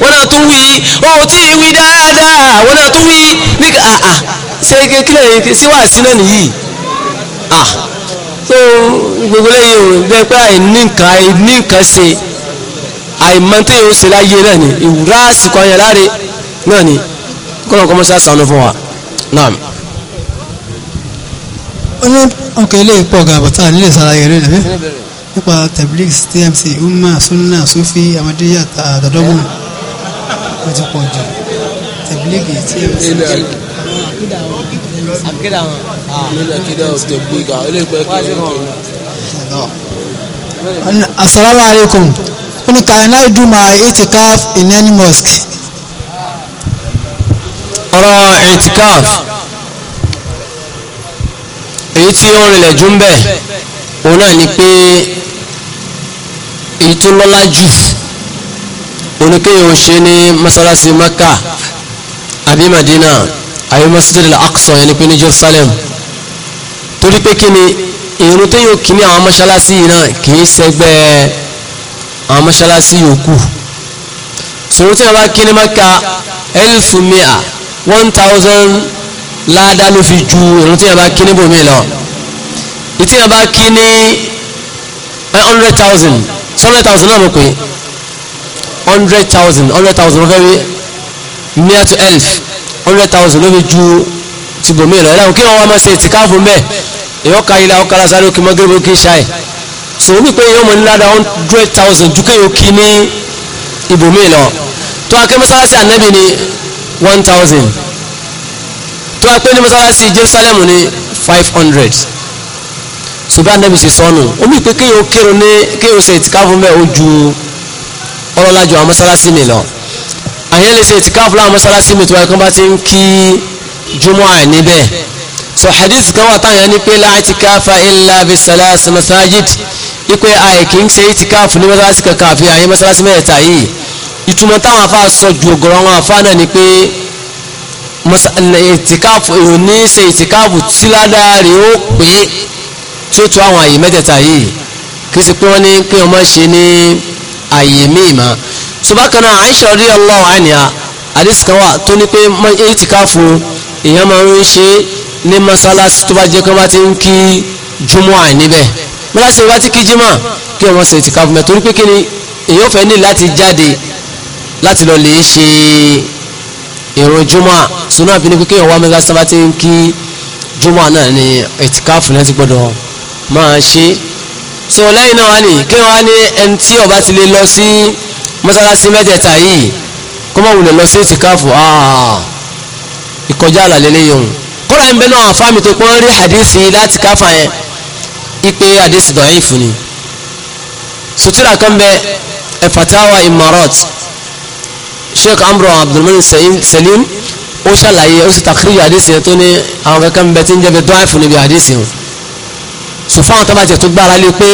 wọn náà tún wí ohun tí wí dáadáa wọn náà tún wí ní àà ah, ah, ṣe kílẹ̀ síwáàsí náà nìyí ah so gbogbo lẹ́yìn o bẹ́ẹ̀ pé àìní nǹkan àìní nǹkan ṣe àìmọ̀tẹ́ yóò ṣe láyé náà ni ìwúrà àsìkò ayẹ láre náà ni kọ́nà kọ́mọ́ sí àṣàánú fún wa náà. ọlọ́ ọkọ̀ ilé ìpọ̀ gàbọ̀tà nílé ìsàlàyé rẹ̀ lẹ́bẹ̀ nípa tabligh tmc umma sunna sufi amadiyya àtàdọ́gbọ̀n ó ti pọ̀ jù tabligh tmc. Ah, tabligh àwọn ah, asalaamualeykum ó can I do my itikaf in any mosque. ọ̀rọ̀ itikaf èyí tí ó rìnlẹ̀ jù ń bẹ̀ òun náà ni pé èyí tó lọ́lá jù oníkéyìn ò ṣe ní masalasi maka àbí madina àbí masjid al-aqsa yẹn ni pé ní jerusalem torí pé kí ni ìrún téyìn ò kí ní àwọn masalasi yìí náà kì í ṣẹgbẹ́ ẹ̀ àwọn mọ́ṣáláṣí yòókù sọ̀rọ̀ tí wọ́n bá kí ní maka mia one thousand láàdá ló fi ju ìrún tí wọ́n bá kí bòmí lọ ìtí wọ́n bá one hundred thousand hundred thousand náà mo pè hundred thousand hundred thousand ló fẹ́ wí mia to elf hundred thousand ló fi ju ti bòmí lọ ẹ̀dá kí wọ́n wá máa ṣe tìkáàfù mẹ́ èèyàn ka ilé àwọn kala sáré òkè mọ́gẹ́rẹ́mọ́ kì ṣáì so omi pé yọmọ níláda hundred thousand ju kéèyàn kí ní ibòmíì lọ tó akẹ́ mọ́sálásí ànábì ní one thousand tó akẹ́ ní mọ́sálásí Jerusalem ní five hundred ṣùgbọ́n ànábì sì sọnù omi pé kéèyàn kírun ní kéèyàn ṣe ìtìkáfù mẹ́ ojú ọlọ́lájú àwọn mọ́sálásí mi lọ àyẹ̀lẹ́sẹ̀ ìtìkáfù láwọn mọ́sálásí mi tó wáyé bá ti ń kí jùmọ̀ àìníbẹ̀ so hadith kan wà táyà ní pé la itikafa illa bi salas masajid ipe àì se í ṣe itikafu ní mọ́sálásí kankan àfi àyè mọ́sálásí mẹ́ta yìí ìtumọ̀ táwọn afa sọ ju ọ̀gọ̀rọ̀ àwọn afa náà ni pe itikafu èèyàn ní se itikafu tí ládàá rẹ̀ ó pé tí ó tu àwọn àyè mẹ́tẹ̀ẹ̀ta yìí kì í ṣe pé wọ́n ní kí wọ́n má ṣe ní àyè míì mọ́ subaka náà Aisha radiyallahu anha hadith kan wà tó ní pé itikafu èèyàn máa ń ṣe ní masalasi tó bá jẹ́ kí wọ́n bá ti ń kí júmọ́ àníbẹ̀ masalasi wọ́n bá ti kí jímọ̀ kí wọ́n ṣe ti káfùmẹ̀ torí pé kí ni èyàn fẹ́ ní láti jáde láti lọ lè ṣe ìrun júmọ́ sunu àfi ni pé kí wọ́n wá masalasi tó bá ti ń kí júmọ́ náà ni ìtìkáfù náà ti gbọ́dọ̀ máa ṣe so lẹ́yìn náà wá ní kí wọ́n wá ní ẹni tí ó bá ti lè lọ sí masalasi mẹ́tẹ̀ẹ̀ta yìí kó má lọ sí ìtìkáfù ah ìkọjá àlàlẹ́ lẹ́yìn òun kódà ń bẹ náà àfáàmì tó pọ́n rí hadisi láti káfà yẹn ipe hadisi da'if ni sotira kan bẹ ẹ̀fàtàwà imarat sheikh amro abdulmani salim ó ṣàlàyé ó sì takriri hadisi yẹn tó ní àwọn kankan bẹ tí ń jẹ́ bẹ da'if níbi hadisi yẹn so fáwọn tó bá jẹ tó gbára lé pé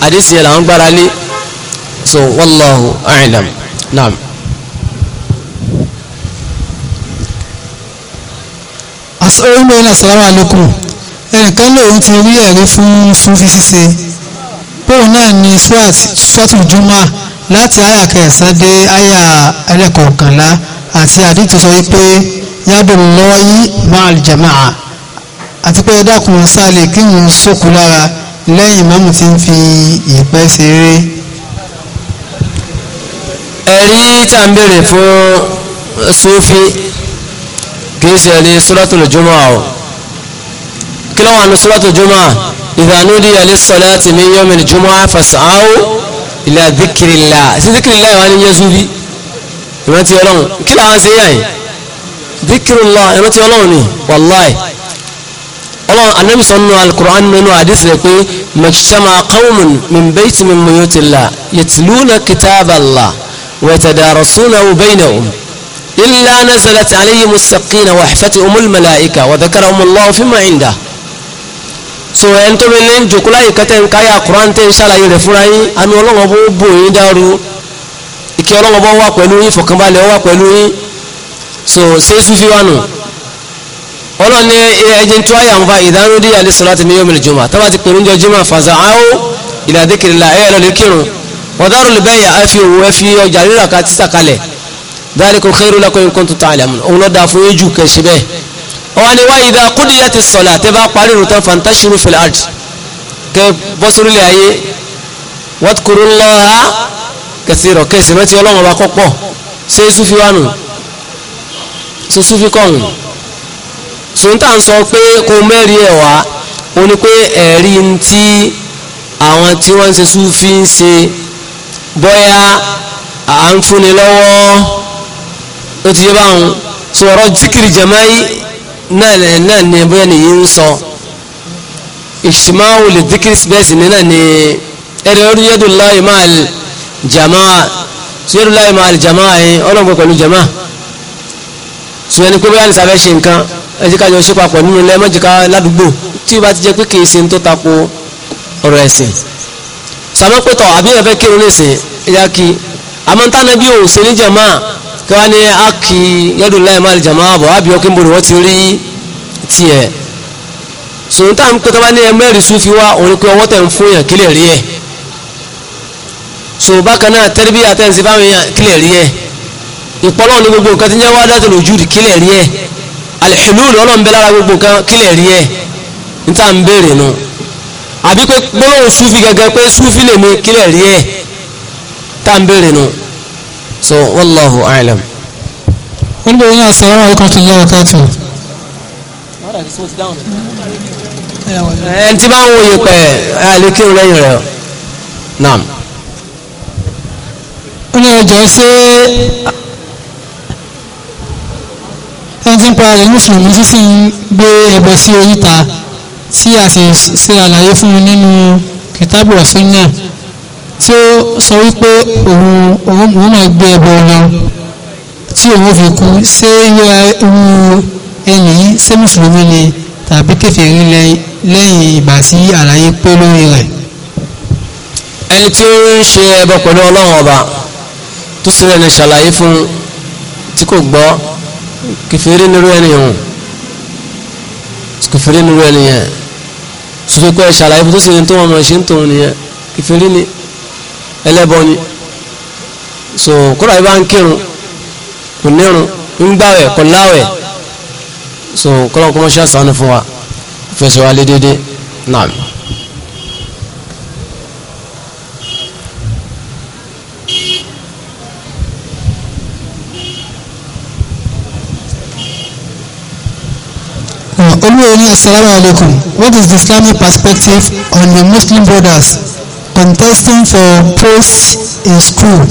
hadisi yẹn làwọn gbára lé so wallahu a'lam naam. oúnjẹ náà sàlámà lókù ẹnìkan lòun ti rí ẹ̀rí fún súnfí ṣíṣe bóun náà ni swat swatul juma láti àyà kẹsàn-án dé àyà ẹlẹ́kọ̀ọ̀kànlá àti àdìtò sọ wípé yábòrò lọ́wọ́ yí máa jàmáà àti pé ẹ̀dákùnrin sáàlè kí n sókù lára lẹ́yìn mọ́mù tí ń fi ìpẹ́ ṣeré. ẹ̀rí tá à ń béèrè fún súnfí kìí ṣe ẹni suratul jumu'a o kí ló wà ní suratul jumu'a idha nudiya lis-salati min yawmil jumu'a fas'aw ila dhikrillah sí dhikrillah wà ní yẹ́sù bí ìrántí ọlọ́run kí làwọn ṣe yàn dhikrillah ìrántí ọlọ́run ni wàláì ọlọ́run anabi sọ́nù al-Qur'an nínú àdìsí rẹ̀ pé majtama qawmun min baytin min buyutillah إلا نزلت عليهم السكينة أم الملائكة وذكرهم الله فيما عنده so ẹni tó bẹ ní jòkúlá yìí kẹtẹ nǹkan yà kuran tẹ nṣàlàyé rẹ fúnra yín àmì ọlọ́wọ́ bó bò yín dàrú ìkẹ́ ọlọ́wọ́ bó wà pẹ̀lú yín ìfọ̀kànbalẹ̀ wà pẹ̀lú yín so ṣé sufi wà nù ọlọ́ni ẹ̀jẹ̀ tó àyà ń fa ìdánudí alẹ́ sọ̀rọ̀ àti mílíọ̀nù jùmọ̀ tábà ti pèrú ńjọ jùmọ̀ fàzà áwò ìlàdíkìrìlà ẹ̀ ẹ̀ lọ́lẹ́kìrùn wọ́dàrú lè bẹ́ẹ̀ dhalikum khairu lakum in kuntum ta'lamun òun lọ́ọ́ da fún yín jù kẹ́sì bẹ́ẹ̀ ọwọ́ ni wa idha qudiyati s-salah tẹ́ bá parí ìrun tán fantashiru fil ardi kẹ́ bọ́sọ̀rọ̀lẹ̀ ayé wadhkurullaha kathira kẹ́sì mẹ́tì ọlọ́run ọba kọ́pọ̀ ṣé sufi wánu ṣé sufi kọ́hún sùntà ń sọ pé kó mẹ́rin ẹ̀ wá ó ní pé ẹ̀rí ń tí ṣe sufi ń ṣe bọ́yá à ń fúnni lọ́wọ́ ó ti yé báwọn tí ọ̀rọ̀ zikiri jama'i náà ní bóyá nìyí ń sọ ìṣìmáwò lè zikiri bẹ́ẹ̀sì mi náà ní ẹ̀rọ orí yadullahi ma'al jama'a tí yadullahi ma'al jama'a yẹn ọlọ́mọ pẹ̀lú jama'a tí wọ́n ní pé bóyá ní sáfẹ́ ṣe nǹkan ẹ̀jẹ̀ kájọ ṣe papọ̀ nínú ilé mọ́jìká ládùúgbò tí o bá ti jẹ́ pé kì í ṣe ń tó tako ọ̀rọ̀ ẹ̀sìn sàmọ́pẹ́tọ̀ àbí ẹ̀fẹ́ kírun lè sìn ẹ̀yà kí amọ́ntánẹ́bí ò ṣe níjàmáà kí wọ́n ní aki yẹ́dùn láì máa lè jàmọ́ àbọ̀ àbí ọkùnrin bòrò wọ́n ti rí tiẹ̀ sòun tá ń pè tó bá ní ẹmẹ́rì sufi wá òun pé ọwọ́ tẹ̀ ń fún yàn kílẹ̀ rí ẹ̀ so bákan náà tẹ́lifí àtẹ̀sí báwọn yàn kílẹ̀ rí ẹ̀ ìpọ́lọ́ ní gbogbo nǹkan tí ń jẹ́ wá dátìlú ojú kílẹ̀ rí ẹ̀ alìhìlúùlù ọlọ́run bẹ lára gbogbo nǹkan kílẹ̀ rí ẹ̀ n tá ń béèrè nu sufi gẹ́gẹ́ pé sufi lè mi kílẹ̀ rí ẹ̀ No so wallahu a'lam. wọ́n ní bẹ̀rẹ̀ ní assalamu alaykum tó lọ́wọ́ káàtó. ẹni tí bá ń wo yèpẹ̀ àlékí lẹ́yìn rẹ̀ naam. wọ́n ní ọjọ́ ṣé ẹni tí ń para rẹ̀ mùsùlùmí sísìn gbé ẹbọ sí oríta tí a sì ṣe àlàyé fún un nínú kìtàbù ọ̀sùn náà tí ó sọ wípé òun òun máa gbé ẹbọ lọ tí òun fi kú ṣé irú ẹni ṣé mùsùlùmí ni tàbí kèfèrí lẹ́yìn ìgbà tí àlàyé pé lórí rẹ̀. ẹni tí ó ń ṣe ẹbọ pẹ̀lú ọlọ́run ọba tó sì rẹ̀ ní ṣàlàyé fún tí kò gbọ́ kèfèrí nírú ẹni hùn kèfèrí nírú ẹni yẹn sọ fún pé ṣàlàyé fún tó sì rẹ̀ tó wọn mọ̀ ṣe ń tòun nìyẹn kèfèrí ni ẹlẹ́bọ so kódà yìí bá ń kírun kò nírun ń gbàwẹ̀ kò láwẹ̀ so kọ́lọ́n kọ́mọ́ ṣe àṣà fún wa fẹsẹ̀ wa lé déédéé náà. Olúwẹ̀rí, Assalamu alaikum. What is the Islamic perspective on the Muslim brothers contesting for posts in school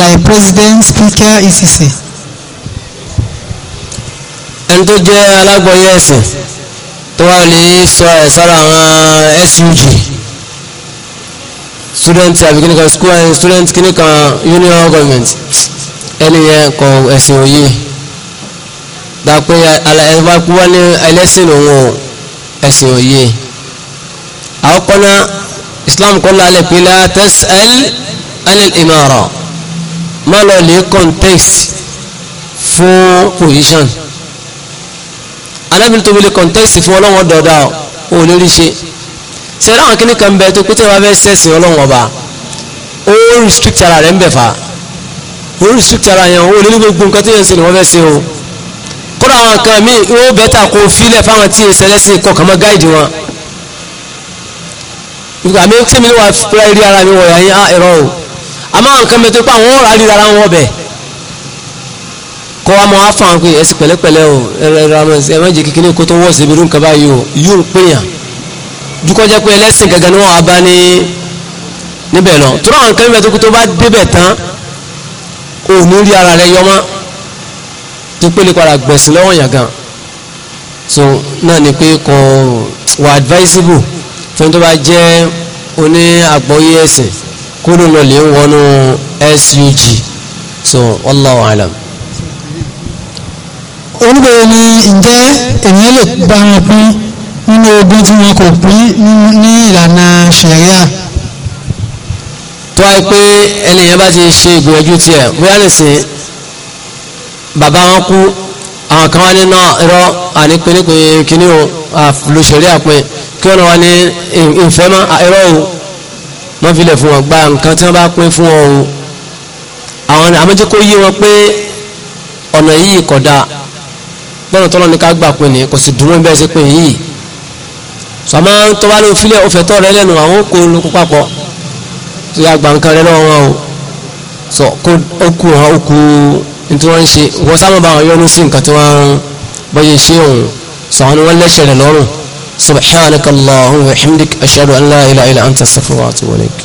like president speaker etc. ẹni tó jẹ́ alágbọ̀yé ẹ̀sìn tó wà lè sọ àwọn SUG student àbí kìnìkan school and eh, student kìnìkan union government ẹni yẹn kọ ẹ̀sìn òye dàpẹ́ ẹ̀fọ́ wọ́n ní ẹlẹ́sìn òun ẹ̀sìn òye àwọn kan islam kọ́ lálẹ́ pé la tas'al anil imara má lọ lè contest fún position alábìrin tó fi lè contest fún ọlọ́wọ́n dọ̀dá ò lórí ṣe sẹ́rẹ́ àwọn kìnnì kan bẹ tó pété wàá fẹ́ sẹ́sìn ọlọ́wọ́n ọba ó restrict ara rẹ̀ ń bẹ̀ fà ó restrict ara yẹn ó lé ní gbogbo nǹkan tó yẹn ń sè ni wọ́n fẹ́ ṣe o kódà àwọn kan míì ó bẹ́tà kó filẹ̀ fáwọn tí èsì ẹlẹ́sìn kọ̀ọ̀kan mọ́ gáìdì wọn àmì sẹ́mi ni wà fúra rí ara mi wọ̀ yà yín ẹ̀rọ o àmọ́ àwọn kan mẹ́tọ́ pé àwọn ọ̀rọ̀ àrí ara wọn ọbẹ̀ kọ́ wa mọ afọ àwọn pé ẹsẹ̀ pẹ̀lẹ́pẹ̀lẹ́ o ẹ̀rọ ẹ̀rọ àmọ́ ẹ̀sẹ̀ ẹ̀mọ́ jẹ́ kékeré kó tó wọ́ sí ibi irú nǹkan báyìí o yóò péyàn dukọ́jẹ́ pé ẹlẹ́sìn gẹ́gẹ́ ni wọ́n wá bá ní níbẹ̀ lọ tó àwọn kan mẹ́tọ́ pé tó bá débẹ̀ tán o ní rí ara rẹ yọmọ́ tó pélé padà gbẹ̀sìn lọ́wọ́ yàn so náà ni pé kò wà advisable tó ń tó bá jẹ́ oní àgbọ̀yé ẹ̀sìn kó lọ lè wọnú SUG so wallahu alam. oníbẹ̀rẹ̀ ni ǹjẹ́ ènìyàn lè bá wọn pín nínú ogún tí wọn kò pín ní ìlànà ṣẹ̀ríà tó wáyé pé ẹnìyàn bá ti ṣe ìgbìyànjú tiẹ̀ bóyá nìsín bàbá wọn kú àwọn kan wá nínú irọ́ ànípínpín kínní o lóṣèlú àpín kí wọ́n wá ní ìfẹ́ mọ́ ẹ̀rọ o wọ́n filẹ̀ fún wọn gba nǹkan tí wọ́n bá pín fún wọn o àwọn àmọ́jẹ́ kó yé wọn pé ọ̀nà yìí kódà bọ́ọ̀nà tọ́lọ́ ní ká gbà pé ní kò sì dúró bẹ́ẹ̀ sí pé yìí sọmọ tó bá ló filẹ̀ ó fẹ́ tọ́ rẹ lẹ́nu àwọn kò ló kó papọ̀ tó yà gba nǹkan rẹ lọ́wọ́ wọn o sọ kó ó kú wọn ó kú ní wọ́n ń ṣe wọ́n sábà bá wọn yọnu سبحانك اللهم وبحمدك أشهد أن لا إله إلا أنت استغفرك وأتوب إليك